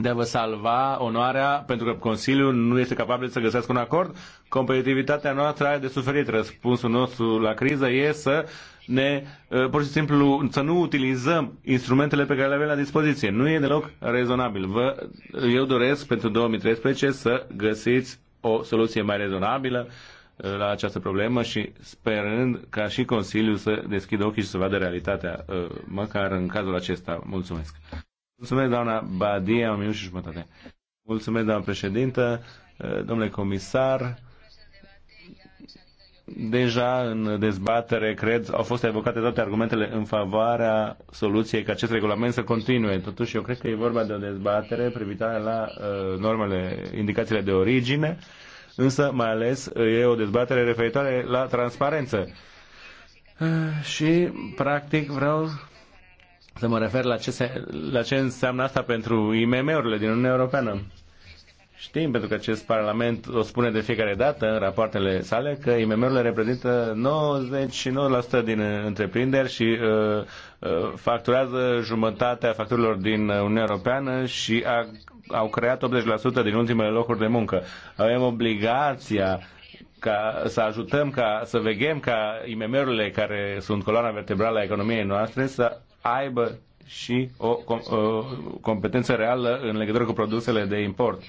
de a vă salva onoarea pentru că Consiliul nu este capabil să găsească un acord. Competitivitatea noastră are de suferit. Răspunsul nostru la criză e să ne, uh, pur și simplu, să nu utilizăm instrumentele pe care le avem la dispoziție. Nu e deloc rezonabil. Vă, eu doresc pentru 2013 să găsiți o soluție mai rezonabilă uh, la această problemă și sperând ca și Consiliul să deschidă ochii și să vadă realitatea, uh, măcar în cazul acesta. Mulțumesc! Mulțumesc, doamna Badia, un minut și jumătate. Mulțumesc, doamna președintă, domnule comisar. Deja în dezbatere, cred, au fost evocate toate argumentele în favoarea soluției ca acest regulament să continue. Totuși, eu cred că e vorba de o dezbatere privitoare la uh, normele, indicațiile de origine, însă mai ales uh, e o dezbatere referitoare la transparență. Uh, și, practic, vreau să mă refer la ce, se, la ce înseamnă asta pentru IMM-urile din Uniunea Europeană. Știm, pentru că acest Parlament o spune de fiecare dată în rapoartele sale, că IMM-urile reprezintă 99% din uh, întreprinderi și uh, uh, facturează jumătatea facturilor din Uniunea Europeană și a, au creat 80% din ultimele locuri de muncă. Avem obligația ca să ajutăm, ca să veghem ca IMM-urile care sunt coloana vertebrală a economiei noastre să aibă și o, com, o competență reală în legătură cu produsele de import.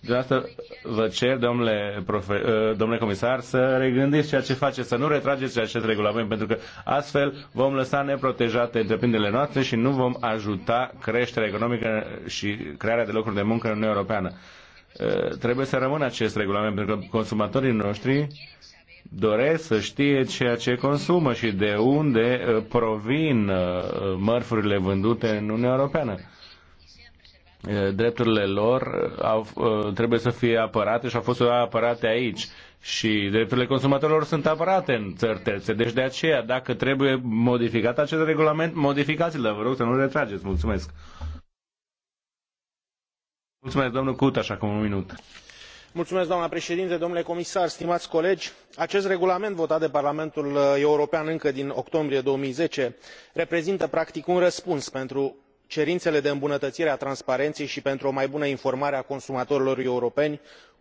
De asta vă cer, domnule, profe, ă, domnule comisar, să regândiți ceea ce faceți, să nu retrageți acest regulament, pentru că astfel vom lăsa neprotejate întreprinderile noastre și nu vom ajuta creșterea economică și crearea de locuri de muncă în Uniunea Europeană. Ă, trebuie să rămână acest regulament, pentru că consumatorii noștri doresc să știe ceea ce consumă și de unde uh, provin uh, mărfurile vândute în Uniunea Europeană. Uh, drepturile lor au, trebuie să fie apărate și au fost apărate aici. Și drepturile consumatorilor sunt apărate în țări terțe. Deci de aceea, dacă trebuie modificat acest regulament, modificați-l, dar vă rog să nu retrageți. Mulțumesc. Mulțumesc, domnul Cut, așa cum un minut acest regulament votat de parlamentul uh, european încă din octombrie două mii zece reprezintă practic un răspuns pentru cerinele de îmbunătăire a transparenei i pentru o mai bună informare a consumatorilor europeni cu privire la produsele i pe care le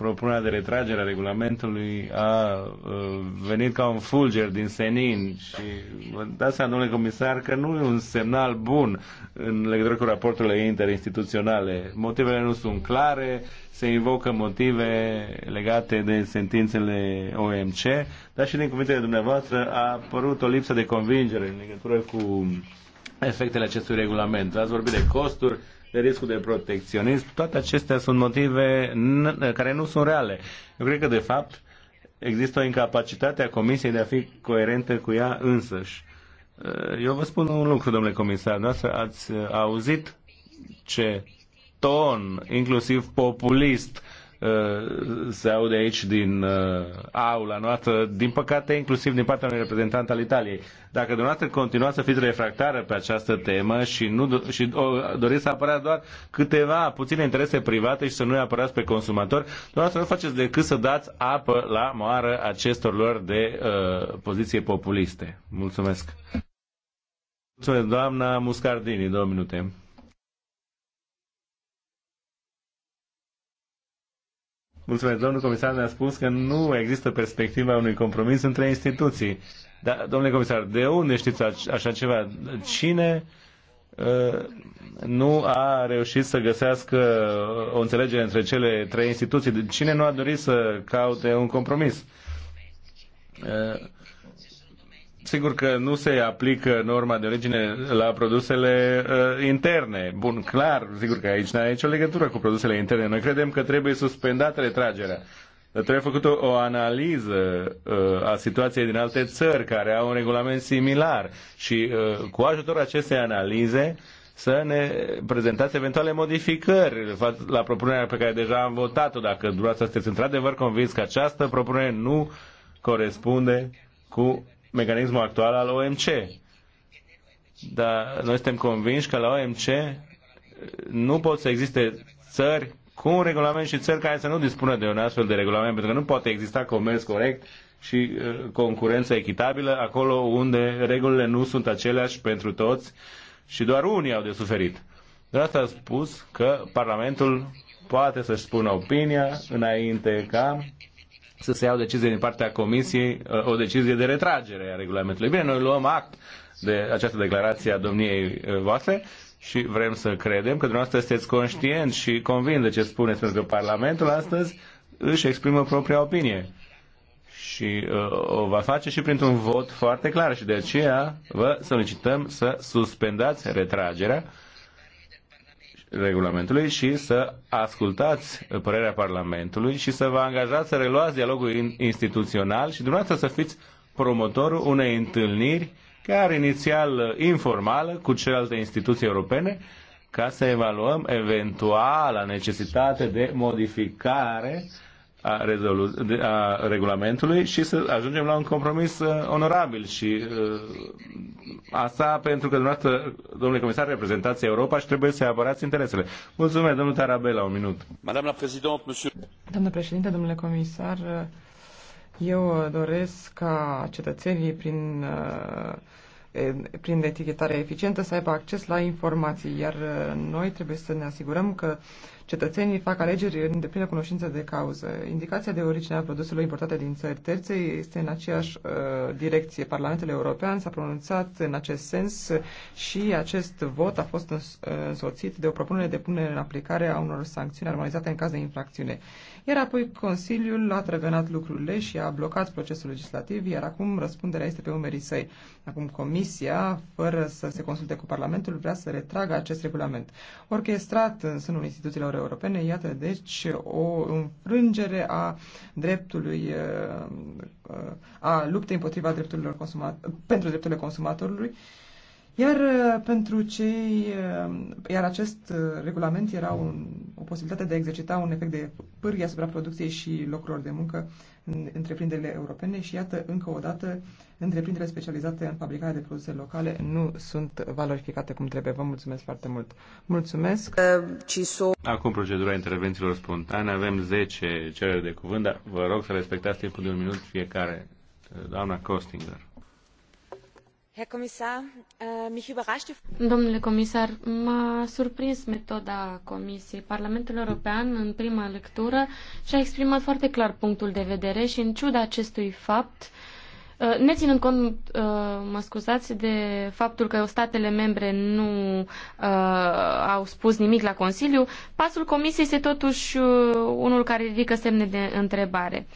propunerea de retragere a regulamentului a uh, venit ca un fulger din senin și vă dați seama, domnule comisar, că nu e un semnal bun în legătură cu raporturile interinstituționale. Motivele nu sunt clare, se invocă motive legate de sentințele OMC, dar și din cuvintele dumneavoastră a apărut o lipsă de convingere în legătură cu efectele acestui regulament. Ați vorbit de costuri, de riscul de protecționism, toate acestea sunt motive care nu sunt reale. Eu cred că, de fapt, există o incapacitate a Comisiei de a fi coerentă cu ea însăși. Eh, eu vă spun un lucru, domnule comisar, noastră ați eh, auzit ce ton, inclusiv populist, uh, Uh, se aude aici din uh, aula noastră, din păcate inclusiv din partea unui reprezentant al Italiei. Dacă dumneavoastră continuați să fiți refractară pe această temă și, nu, și o, doriți să apărați doar câteva puține interese private și să nu-i apărați pe consumatori, dumneavoastră nu faceți decât să dați apă la moară acestor lor de uh, poziție populiste. Mulțumesc! Mulțumesc, doamna Muscardini, două minute. Mulțumesc. Domnul comisar ne-a spus că nu există perspectiva unui compromis între instituții. Dar, domnule comisar, de unde știți așa ceva? Cine uh, nu a reușit să găsească o înțelegere între cele trei instituții? Cine nu a dorit să caute un compromis? Uh, Sigur că nu se aplică norma de origine la produsele uh, interne. Bun, clar, sigur că aici nu are nicio legătură cu produsele interne. Noi credem că trebuie suspendată retragerea. Dar trebuie făcut o, o analiză uh, a situației din alte țări care au un regulament similar și uh, cu ajutorul acestei analize să ne prezentați eventuale modificări la propunerea pe care deja am votat-o, dacă dumneavoastră sunteți într-adevăr convins că această propunere nu corespunde cu mecanismul actual al OMC. Dar noi suntem convinși că la OMC eh, nu pot să existe țări cu un regulament și țări care să nu dispună de un astfel de regulament, pentru că nu poate exista comerț corect și eh, concurență echitabilă acolo unde regulile nu sunt aceleași pentru toți și doar unii au de suferit. De asta a spus că Parlamentul poate să-și spună opinia înainte ca să se o decizie din partea Comisiei, uh, o decizie de retragere a regulamentului. Bine, noi luăm act de această declarație a domniei uh, voastre și vrem să credem că dumneavoastră sunteți conștient și convins de ce spuneți, pentru că Parlamentul astăzi își exprimă propria opinie și uh, o va face și printr-un vot foarte clar și de aceea vă solicităm să suspendați retragerea regulamentului și să ascultați părerea Parlamentului și să vă angajați să reluați dialogul instituțional și dumneavoastră să fiți promotorul unei întâlniri chiar inițial informală cu celelalte instituții europene ca să evaluăm eventuala necesitate de modificare uh, a, rezolu- a regulamentului și să ajungem la un compromis uh, onorabil și uh, asta pentru că dumneavoastră, domnule comisar, reprezentați Europa și trebuie să apărați interesele. Mulțumesc, domnul Tarabella, un minut. Madame la monsieur... Domnule președinte, domnule comisar, eu doresc ca cetățenii prin uh, prin etichetarea eficientă să aibă acces la informații, iar noi trebuie să ne asigurăm că Cetățenii fac alegeri în deplină cunoștință de cauză. Indicația de origine a produselor importate din țări terțe este în aceeași uh, direcție. Parlamentul European s-a pronunțat în acest sens și acest vot a fost uh, însoțit de o propunere de punere în aplicare a unor sancțiuni armonizate în caz de infracțiune. Uh, iar apoi Consiliul a trăgănat lucrurile și a blocat procesul legislativ, iar acum răspunderea este pe umerii săi. Acum Comisia, fără să se consulte cu Parlamentul, vrea să retragă acest regulament. Orchestrat în sânul instituțiilor europene, iată deci o înfrângere a dreptului, uh, uh, a luptei împotriva drepturilor consumat- pentru drepturile consumatorului, iar uh, pentru cei, uh, iar acest uh, regulament era un, o posibilitate de a exercita un efect de pârghie asupra producției și locurilor de muncă în întreprinderile europene și iată, încă o dată, întreprinderile specializate în fabricarea de produse locale nu sunt valorificate cum trebuie. Vă mulțumesc foarte mult. Mulțumesc. Acum procedura intervențiilor spontane. Avem 10 cereri de cuvânt, dar vă rog să respectați timpul de un minut fiecare. Doamna Costinger. Äh, Domnule comisar, m-a surprins metoda Comisiei. Parlamentul European, în prima lectură, și-a exprimat foarte clar punctul de vedere și, în ciuda acestui fapt, uh, ne cont, uh, mă scuzați, de faptul că statele membre nu uh, au spus nimic la Consiliu, pasul Comisiei este totuși unul care ridică semne de întrebare.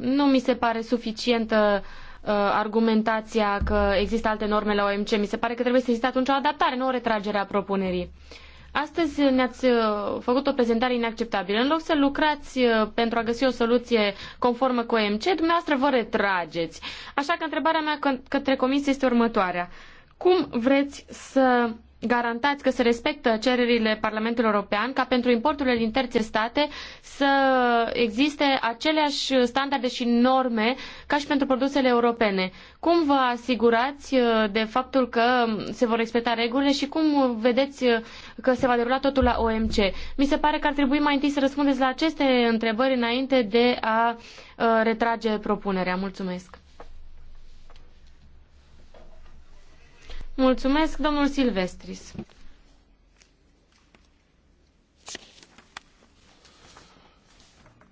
Nu mi se pare suficientă uh, Uh, argumentația că există alte norme la OMC. Mi se pare că trebuie să existe atunci o adaptare, nu o retragere a propunerii. Astăzi ne-ați uh, făcut o prezentare inacceptabilă. În loc să lucrați uh, pentru a găsi o soluție conformă cu OMC, dumneavoastră vă retrageți. Așa că întrebarea mea către comisie este următoarea. Cum vreți să garantați că se respectă cererile Parlamentului European ca pentru importurile din terțe state să existe aceleași standarde și norme ca și pentru produsele europene. Cum vă asigurați uh, de faptul că se vor respecta regulile și cum vedeți uh, că se va derula totul la OMC? Mi se pare că ar trebui mai întâi să răspundeți la aceste întrebări înainte de a uh, retrage propunerea. Mulțumesc! Mulțumesc, domnul Silvestris.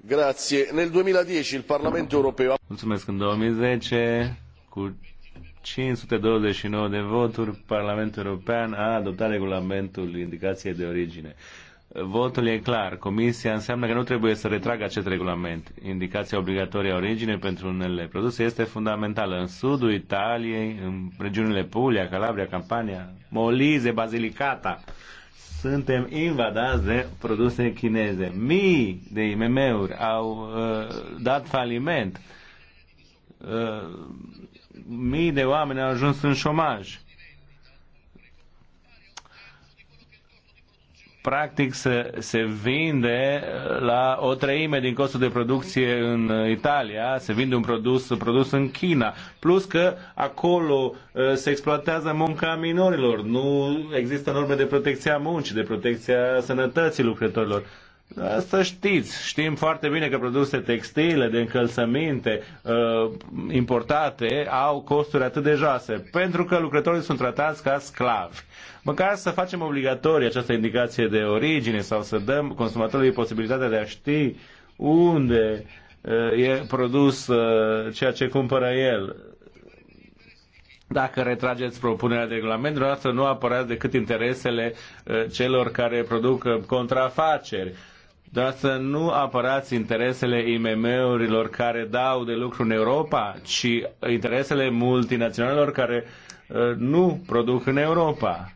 Grazie. Nel 2010 il Parlamento europeo... Mulțumesc. În 2010, cu 529 de voturi, Parlamentul European a adoptat regulamentul indicației de origine. Votul e clar. Comisia înseamnă că nu trebuie să retragă acest regulament. Indicația obligatorie a originei pentru unele produse este fundamentală. În sudul Italiei, în regiunile Puglia, Calabria, Campania, Molise, Basilicata, suntem invadați de produse chineze. Mii de IMM-uri au uh, dat faliment. Uh, mii de oameni au ajuns în șomaj practic se, se vinde la o treime din costul de producție în Italia, se vinde un produs produs în China, plus că acolo uh, se exploatează munca minorilor, nu există norme de protecție a muncii, de protecția sănătății lucrătorilor. Să știți, știm foarte bine că produse textile, de încălțăminte uh, importate au costuri atât de joase, pentru că lucrătorii sunt tratați ca sclavi. Măcar să facem obligatorie această indicație de origine sau să dăm consumatorului posibilitatea de a ști unde uh, e produs uh, ceea ce cumpără el. Dacă retrageți propunerea de regulament, dumneavoastră nu apărați decât interesele celor care produc contrafaceri dar să nu apărați interesele IMM-urilor care dau de lucru în Europa, ci interesele multinaționalelor care uh, nu produc în Europa.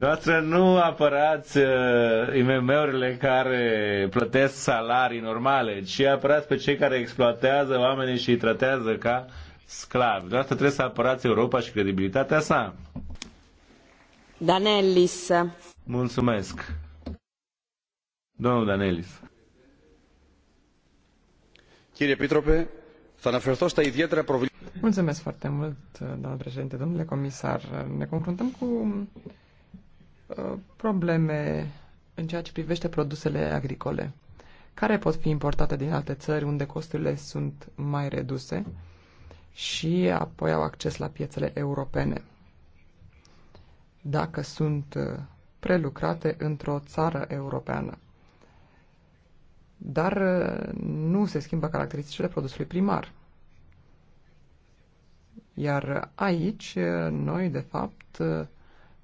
Noastră nu apărați uh, IMM-urile care plătesc salarii normale, ci apărați pe cei care exploatează oamenii și îi tratează ca sclavi. Noastră trebuie să apărați Europa și credibilitatea sa. Danelis. Mulțumesc. Domnul Danelis. Κύριε Επίτροπε, θα o στα ιδιαίτερα προβλήματα. Mulțumesc foarte mult, doamnă președinte, domnule comisar. Ne confruntăm cu uh, probleme în ceea ce privește produsele agricole, care pot fi importate din alte țări unde costurile sunt mai reduse și apoi au acces la piețele europene. Dacă sunt uh, prelucrate într-o țară europeană. Dar uh, nu se schimbă caracteristicile produsului primar. Iar aici uh, noi, de fapt, uh,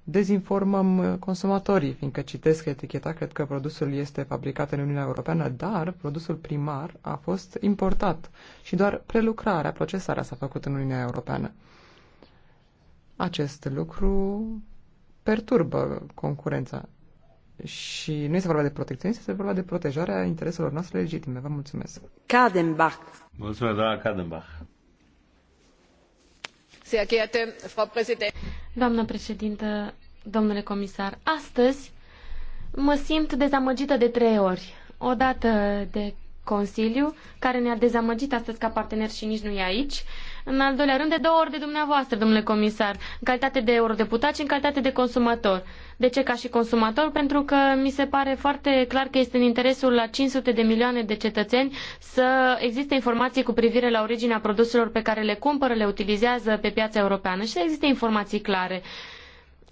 dezinformăm consumatorii, fiindcă citesc eticheta, cred că produsul este fabricat în Uniunea Europeană, dar produsul primar a fost importat și doar prelucrarea, procesarea s-a făcut în Uniunea Europeană. Acest lucru perturbă concurența. Și nu este vorba de protecționism, este vorba de protejarea intereselor noastre legitime. Vă mulțumesc. Kadenbach. Mulțumesc, doamna Kadenbach. Doamnă președintă, domnule comisar, astăzi mă simt dezamăgită de trei ori. O dată de Consiliu, care ne-a dezamăgit astăzi ca partener și nici nu e aici. Uh, în al doilea rând, de două ori de dumneavoastră, domnule comisar, în calitate de eurodeputat și în calitate de consumator. De ce ca și consumator? Pentru că mi se pare foarte clar că este în interesul la 500 de milioane de cetățeni să existe informații cu privire la originea produselor pe care le cumpără, le utilizează pe piața europeană și să existe informații clare.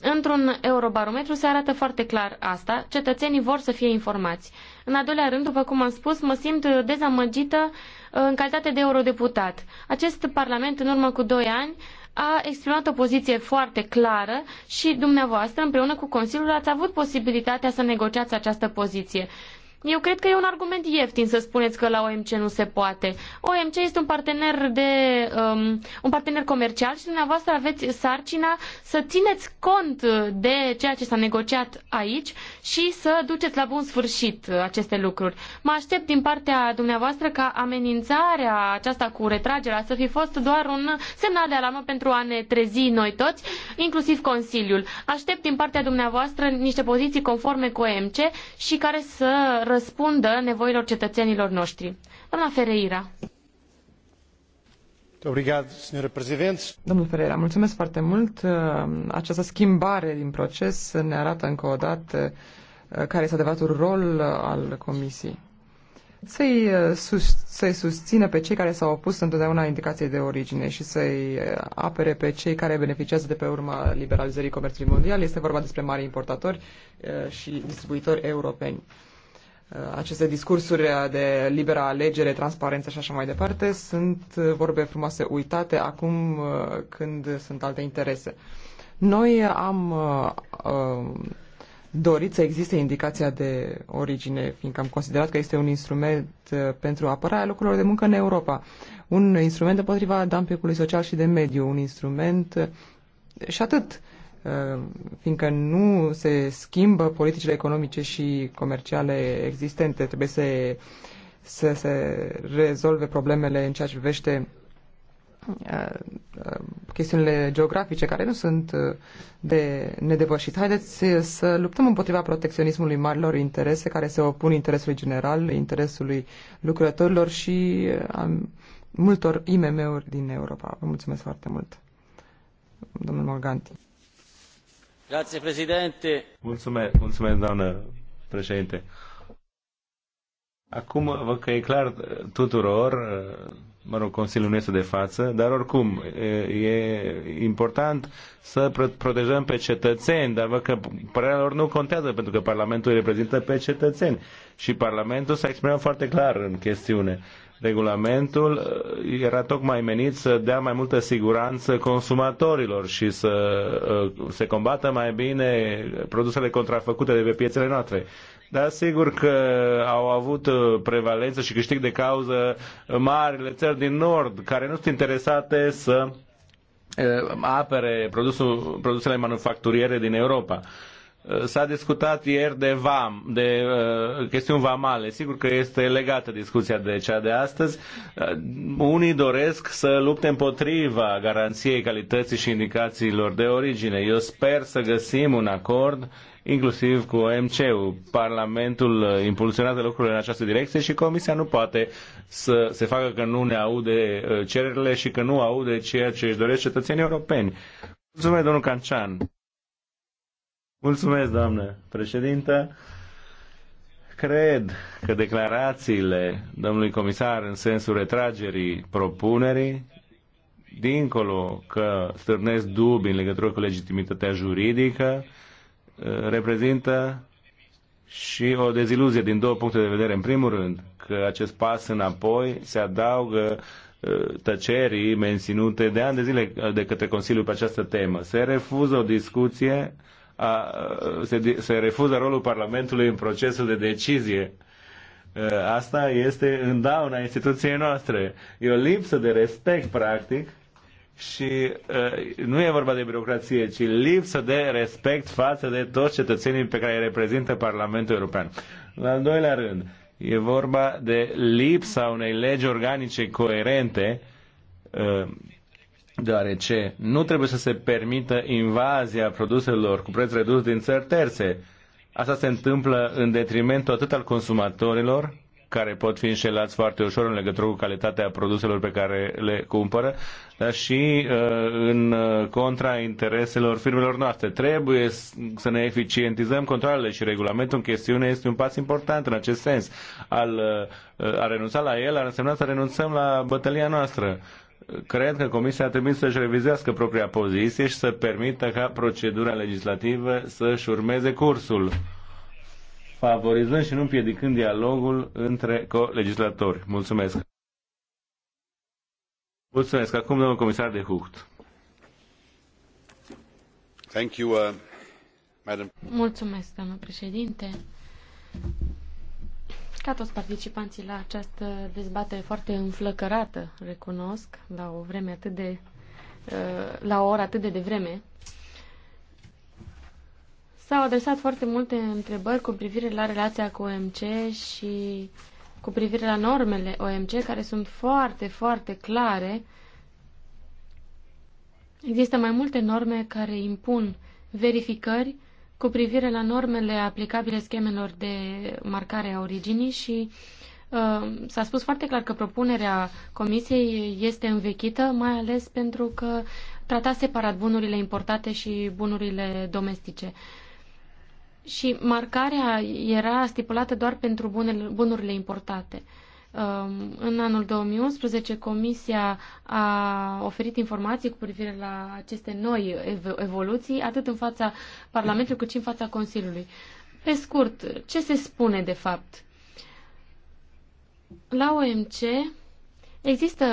Într-un eurobarometru se arată foarte clar asta. Cetățenii vor să fie informați. În al doilea rând, după cum am spus, mă simt dezamăgită uh, în calitate de eurodeputat. Acest parlament, în urmă cu doi ani, a exprimat o poziție foarte clară și dumneavoastră, împreună cu Consiliul, ați avut posibilitatea să negociați această poziție. Eu cred că e un argument ieftin să spuneți că la OMC nu se poate. OMC este un partener, de, um, un partener comercial și dumneavoastră aveți sarcina să țineți cont de ceea ce s-a negociat aici și să duceți la bun sfârșit aceste lucruri. Mă aștept din partea dumneavoastră ca amenințarea aceasta cu retragerea să fi fost doar un semnal de alarmă pentru a ne trezi noi toți, inclusiv Consiliul. Aștept din partea dumneavoastră niște poziții conforme cu OMC și care să răspundă nevoilor cetățenilor noștri. Doamna Ferreira. Domnul Ferreira, mulțumesc foarte mult. Uh, această schimbare din proces ne arată încă o dată uh, care este adevăratul rol uh, al Comisiei. Să-i, sus, să susțină pe cei care s-au opus întotdeauna indicației de origine și să-i apere pe cei care beneficiază de pe urma liberalizării comerțului mondial. Este vorba despre mari importatori și distribuitori europeni aceste discursuri de libera alegere, transparență și așa mai departe, sunt vorbe frumoase uitate acum uh, când sunt alte interese. Noi am uh, uh, dorit să existe indicația de origine, fiindcă am considerat că este un instrument pentru apărarea locurilor de muncă în Europa, un instrument împotriva dumpingului social și de mediu, un instrument și atât Uh, fiindcă nu se schimbă politicile economice și comerciale existente, trebuie să, să se rezolve problemele în ceea ce privește uh, uh, chestiunile geografice care nu sunt de nedevășit. Haideți să luptăm împotriva protecționismului marilor interese care se opun interesului general, interesului lucrătorilor și a multor IMM-uri din Europa. Vă mulțumesc foarte mult, domnul Morganti. Grazie, Mulțumesc, mulțumesc, doamnă președinte. Acum vă că e clar tuturor, mă rog, Consiliul nu este de față, dar oricum e important să protejăm pe cetățeni, dar văd că părerea lor nu contează pentru că Parlamentul reprezintă pe cetățeni și Parlamentul s-a exprimat foarte clar în chestiune regulamentul eh, era tocmai menit să dea mai multă siguranță consumatorilor și să eh, se combată mai bine produsele contrafăcute de pe piețele noastre. Dar sigur că au avut eh, prevalență și câștig de cauză marile țări din Nord, care nu sunt interesate să apere produsul, produsele manufacturiere din Europa. Eh, s-a discutat ieri de VAM, de uh, chestiuni vamale. Sigur că este legată discuția de cea de astăzi. Uh, unii doresc să lupte împotriva garanției calității și indicațiilor de origine. Eu sper să găsim un acord inclusiv cu OMC-ul. Parlamentul impulsionează lucrurile în această direcție și Comisia nu poate să se facă că nu ne aude cererile și că nu aude ceea ce își doresc cetățenii europeni. Mulțumesc, domnul Cancean. Mulțumesc, doamnă președintă. Cred că declarațiile domnului comisar în sensul retragerii propunerii, dincolo că stârnesc dubii în legătură cu legitimitatea juridică, eh, reprezintă și o deziluzie din două puncte de vedere. În primul rând, că acest pas înapoi se adaugă eh, tăcerii menținute de ani de zile eh, de către Consiliu pe această temă. Se refuză o discuție a, se, se refuză rolul Parlamentului în procesul de decizie. Asta este în dauna instituției noastre. E o lipsă de respect, practic, și uh, nu e vorba de birocrație, ci lipsă de respect față de toți cetățenii pe care îi reprezintă Parlamentul European. La al doilea rând, e vorba de lipsa unei legi organice coerente uh, deoarece nu trebuie să se permită invazia produselor cu preț redus din țări terțe. Asta se întâmplă în detrimentul atât al consumatorilor, care pot fi înșelați foarte ușor în legătură cu calitatea produselor pe care le cumpără, dar și uh, în contra intereselor firmelor noastre. Trebuie să ne eficientizăm controlele și regulamentul în chestiune este un pas important în acest sens. Al, uh, a renunța la el ar însemna să renunțăm la bătălia noastră. Uh, cred că Comisia ar trebui să-și revizească propria poziție și să permită ca procedura legislativă să-și urmeze cursul, favorizând și nu împiedicând dialogul între co legislatori. Mulțumesc! Mulțumesc! Acum, domnul comisar de Hucht. Thank you, uh, madam. Mulțumesc, doamnă președinte ca toți participanții la această dezbatere foarte înflăcărată, recunosc, la o vreme atât de uh, la o oră atât de devreme. S-au adresat foarte multe întrebări cu privire la relația cu OMC și cu privire la normele OMC, care sunt foarte, foarte clare. Există mai multe norme care impun verificări cu privire la normele aplicabile schemelor de marcare a originii și uh, s-a spus foarte clar că propunerea Comisiei este învechită, mai ales pentru că trata separat bunurile importate și bunurile domestice. Și marcarea era stipulată doar pentru bunurile importate. Uh, Um, în anul 2011, Comisia a oferit informații cu privire la aceste noi evoluții, atât în fața Parlamentului cât și în fața Consiliului. Pe scurt, ce se spune de fapt? La OMC există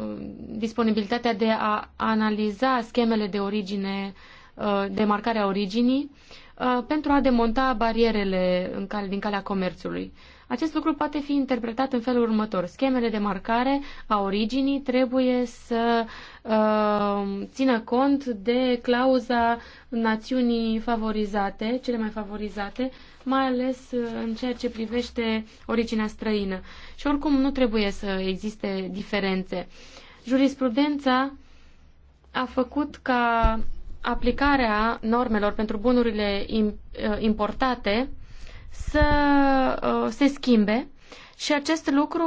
um, disponibilitatea de a analiza schemele de origine, uh, de marcare a originii, uh, pentru a demonta barierele în cal, din calea comerțului. Acest lucru poate fi interpretat în felul următor. Schemele de marcare a originii trebuie să uh, țină cont de clauza națiunii favorizate, cele mai favorizate, mai ales uh, în ceea ce privește originea străină. Și oricum nu trebuie să existe diferențe. Jurisprudența a făcut ca aplicarea normelor pentru bunurile uh, importate să uh, se schimbe și acest lucru,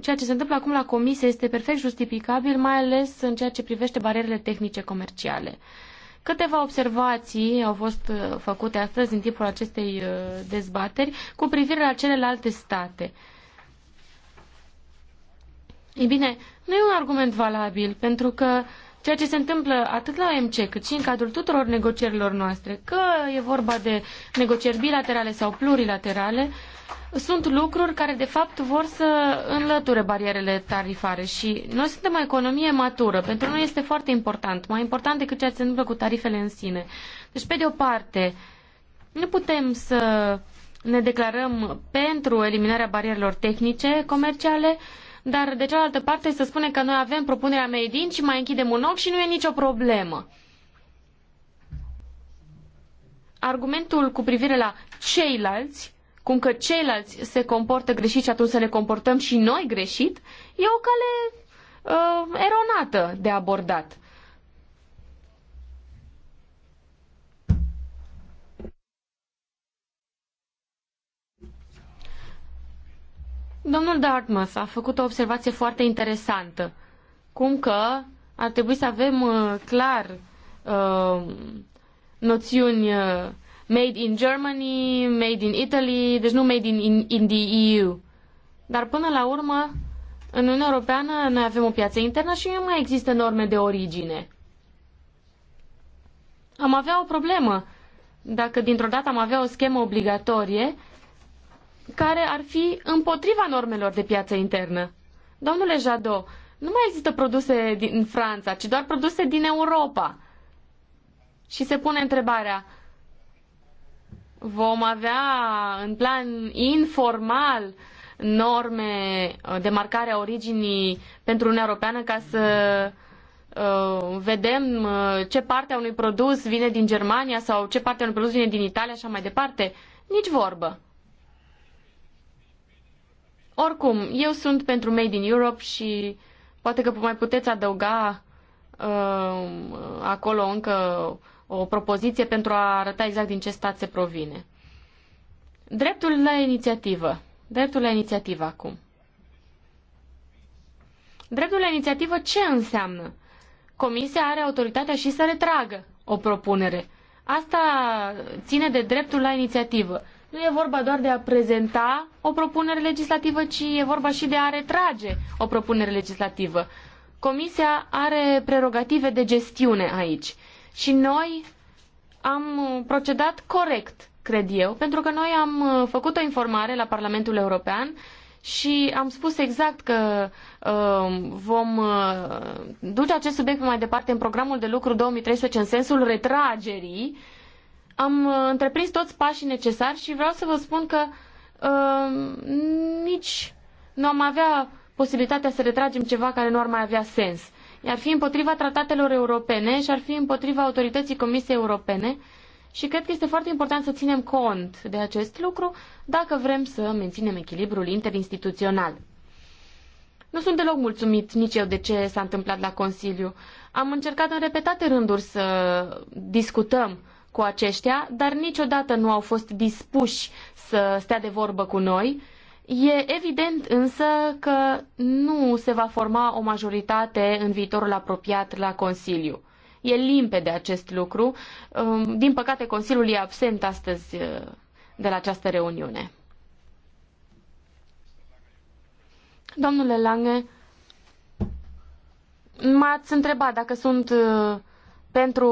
ceea ce se întâmplă acum la comisie, este perfect justificabil, mai ales în ceea ce privește barierele tehnice comerciale. Câteva observații au fost uh, făcute astăzi în timpul acestei uh, dezbateri cu privire la celelalte state. Ei bine, nu e un argument valabil, pentru că uh, ceea ce se întâmplă atât la OMC cât și în cadrul tuturor negocierilor noastre, că e vorba de negocieri bilaterale sau plurilaterale, sunt lucruri care de fapt vor să înlăture barierele tarifare și noi suntem o economie matură. Pentru noi este foarte important, mai important decât ceea ce se întâmplă cu tarifele în sine. Deci, pe de o parte, nu putem să ne declarăm pentru eliminarea barierelor tehnice comerciale, uh, dar de cealaltă parte se spune că noi avem propunerea Medin și mai închidem un ochi și nu e nicio problemă. Argumentul cu privire la ceilalți, cum că ceilalți se comportă greșit și atunci să ne comportăm și noi greșit, e o cale uh, eronată de abordat. Domnul Dartmouth a făcut o observație foarte interesantă, cum că ar trebui să avem uh, clar uh, noțiuni uh, made in Germany, made in Italy, deci nu made in, in, in the EU. Dar până la urmă, în Uniunea Europeană noi avem o piață internă și nu mai există norme de origine. Am avea o problemă dacă dintr-o dată am avea o schemă obligatorie care ar fi împotriva normelor de piață internă. Domnule Jadot, nu mai există produse din Franța, ci doar produse din Europa. Și se pune întrebarea, vom avea în plan informal norme de marcare a originii pentru Uniunea Europeană ca să uh, vedem uh, ce parte a unui produs vine din Germania sau ce parte a unui produs vine din Italia și așa mai departe? Nici vorbă. Oricum, eu sunt pentru Made in Europe și poate că mai puteți adăuga uh, acolo încă o propoziție pentru a arăta exact din ce stat se provine. Dreptul la inițiativă. Dreptul la inițiativă acum. Dreptul la inițiativă ce înseamnă? Comisia are autoritatea și să retragă o propunere. Asta ține de dreptul la inițiativă nu e vorba doar de a prezenta o propunere legislativă, ci e vorba și de a retrage o propunere legislativă. Comisia are prerogative de gestiune aici și noi am procedat corect, cred eu, pentru că noi am făcut o informare la Parlamentul European și am spus exact că uh, vom uh, duce acest subiect mai departe în programul de lucru 2013 în sensul retragerii uh, am uh, întreprins toți pașii necesari și vreau să vă spun că uh, nici nu am avea posibilitatea să retragem ceva care nu ar mai avea sens. Ar fi împotriva tratatelor europene și ar fi împotriva autorității Comisiei Europene și cred că este foarte important să ținem cont de acest lucru dacă vrem să menținem echilibrul interinstituțional. Nu sunt deloc mulțumit nici eu de ce s-a întâmplat la Consiliu. Am încercat în repetate rânduri să discutăm cu aceștia, dar niciodată nu au fost dispuși să stea de vorbă cu noi. E evident însă că nu se va forma o majoritate în viitorul apropiat la Consiliu. E limpede acest lucru. Um, din păcate, Consiliul e absent astăzi uh, de la această reuniune. Domnule Lange, m-ați întrebat dacă sunt uh, pentru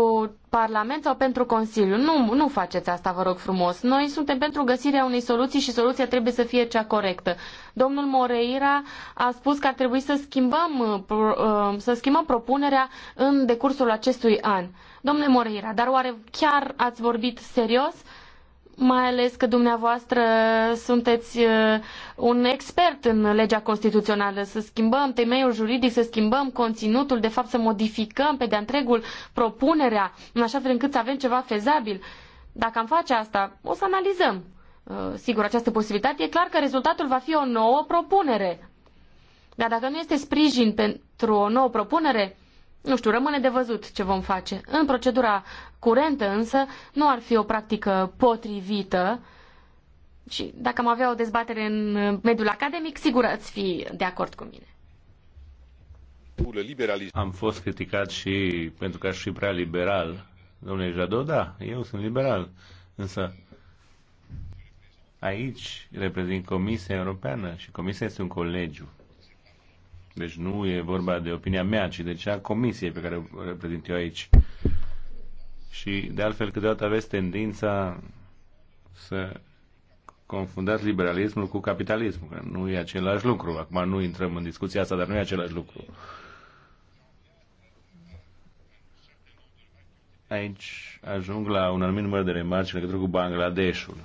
Parlament sau pentru Consiliu. Nu, nu faceți asta, vă rog frumos. Noi suntem pentru găsirea unei soluții și soluția trebuie să fie cea corectă. Domnul Moreira a spus că ar trebui să schimbăm, uh, uh, să schimbăm propunerea în decursul acestui an. Domnule Moreira, dar oare chiar ați vorbit serios? mai ales că dumneavoastră sunteți uh, un expert în legea constituțională, să schimbăm temeiul juridic, să schimbăm conținutul, de fapt să modificăm pe de-a întregul propunerea, în așa fel încât să avem ceva fezabil. Dacă am face asta, o să analizăm, uh, sigur, această posibilitate. E clar că rezultatul va fi o nouă propunere. Dar dacă nu este sprijin pentru o nouă propunere, nu știu, rămâne de văzut ce vom face. În procedura curentă însă nu ar fi o practică potrivită și dacă am avea o dezbatere în mediul academic, sigur ați fi de acord cu mine. Am fost criticat și pentru că aș fi prea liberal. Domnule Jadot, da, eu sunt liberal. Însă aici reprezint Comisia Europeană și Comisia este un colegiu. Deci nu e vorba de opinia mea, ci de cea comisiei pe care o reprezint eu aici. Și de altfel câteodată aveți tendința să confundați liberalismul cu capitalismul, că nu e același lucru. Acum nu intrăm în discuția asta, dar nu e același lucru. Aici ajung la un anumit număr de remarci în legătură cu Bangladeshul.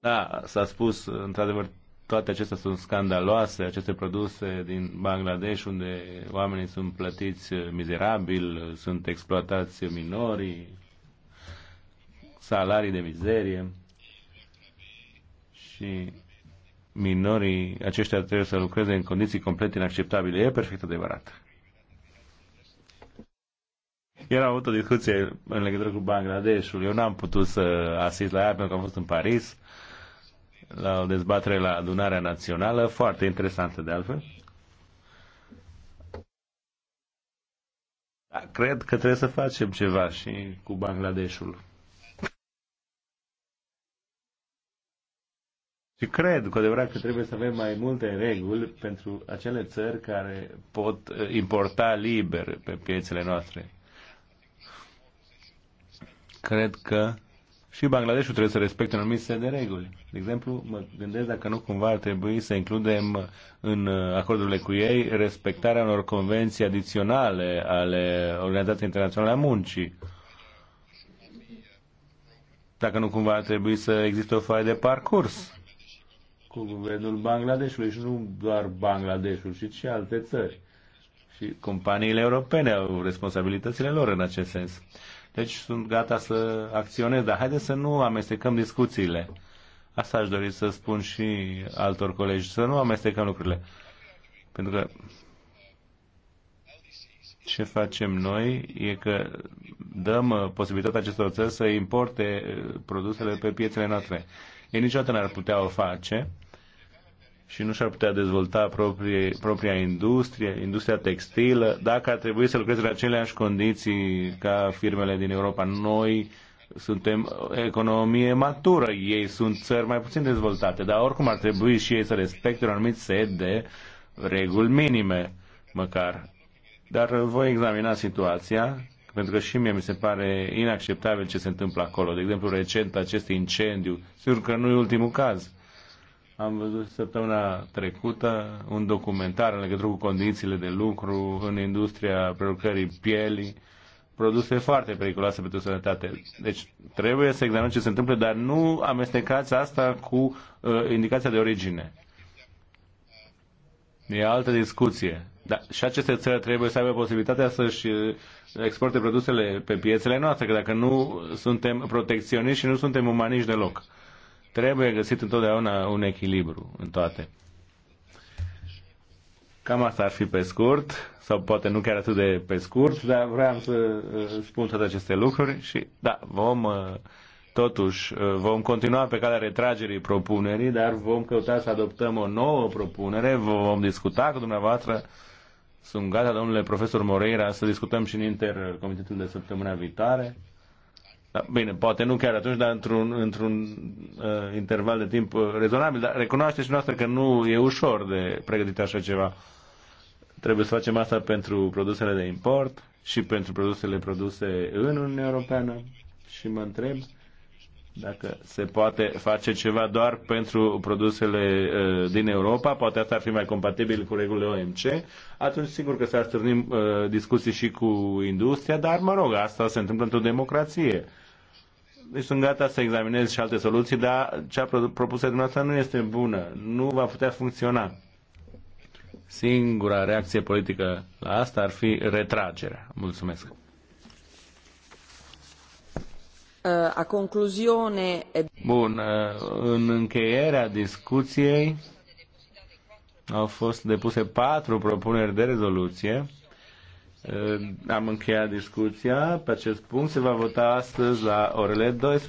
Da, s-a spus într-adevăr toate acestea sunt scandaloase, aceste produse din Bangladesh, unde oamenii sunt plătiți eh, mizerabil, sunt exploatați minorii, salarii de mizerie și minorii aceștia trebuie să lucreze în condiții complet inacceptabile. E perfect adevărat. Era avut o discuție în legătură cu Bangladeshul. Eu n-am putut să asist la ea pentru că am fost în Paris la o dezbatere la adunarea națională, foarte interesantă de altfel. Da, cred că trebuie să facem ceva și cu Bangladeshul. Și cred cu adevărat că trebuie să avem mai multe reguli pentru acele țări care pot eh, importa liber pe piețele noastre. Cred că și Bangladeshul trebuie să respecte un anumit set de reguli. De exemplu, mă gândesc dacă nu cumva ar trebui să includem în acordurile cu ei respectarea unor convenții adiționale ale Organizației Internaționale a Muncii. Dacă nu cumva ar trebui să existe o foaie de parcurs cu guvernul Bangladeshului și nu doar Bangladeshul, ci și alte țări. Și companiile europene au responsabilitățile lor în acest sens. Deci sunt gata să acționez, dar haideți să nu amestecăm discuțiile. Asta aș dori să spun și altor colegi, să nu amestecăm lucrurile. Pentru că ce facem noi e că dăm uh, posibilitatea acestor țări să importe uh, produsele pe piețele noastre. Ei niciodată n-ar putea o face și nu și-ar putea dezvolta proprie, propria industrie, industria textilă, dacă ar trebui să lucreze în aceleași condiții ca firmele din Europa. Noi suntem economie matură, ei sunt țări mai puțin dezvoltate, dar oricum ar trebui și ei să respecte un anumit set de reguli minime, măcar. Dar voi examina situația, pentru că și mie mi se pare inacceptabil ce se întâmplă acolo. De exemplu, recent acest incendiu, sigur că nu e ultimul caz am văzut săptămâna trecută un documentar în legătură cu condițiile de lucru în industria prelucrării pielii, produse foarte periculoase pentru sănătate. Deci trebuie să examinăm ce se întâmplă, dar nu amestecați asta cu uh, indicația de origine. E altă discuție. Da, și aceste țări trebuie să aibă posibilitatea să-și uh, exporte produsele pe piețele noastre, că dacă nu suntem protecționiști și nu suntem umaniști deloc. Trebuie găsit întotdeauna un echilibru în toate. Cam asta ar fi pe scurt, sau poate nu chiar atât de pe scurt, dar vreau să uh, spun toate aceste lucruri și, da, vom, uh, totuși, uh, vom continua pe calea retragerii propunerii, dar vom căuta să adoptăm o nouă propunere, vom discuta cu dumneavoastră. Sunt gata, domnule profesor Moreira, să discutăm și în intercomitetul de săptămâna viitoare da, bine, poate nu chiar atunci, dar într-un, într-un uh, interval de timp uh, rezonabil. Dar recunoașteți și noastră că nu e ușor de pregătit așa ceva. Trebuie să facem asta pentru produsele de import și pentru produsele produse în Uniunea Europeană. Și mă întreb dacă se poate face ceva doar pentru produsele uh, din Europa, poate asta ar fi mai compatibil cu regulile OMC, atunci sigur că s-ar stârni uh, discuții și cu industria, dar mă rog, asta se întâmplă într-o democrație deci sunt gata să examinez și alte soluții, dar cea propusă de dumneavoastră nu este bună. Nu va putea funcționa. Singura reacție politică la asta ar fi retragerea. Mulțumesc. Eh, a concluzione... Bun, eh, în încheierea discuției au fost depuse patru propuneri de rezoluție. Am încheiat discuția pe acest punct. Se va vota astăzi la orele 12.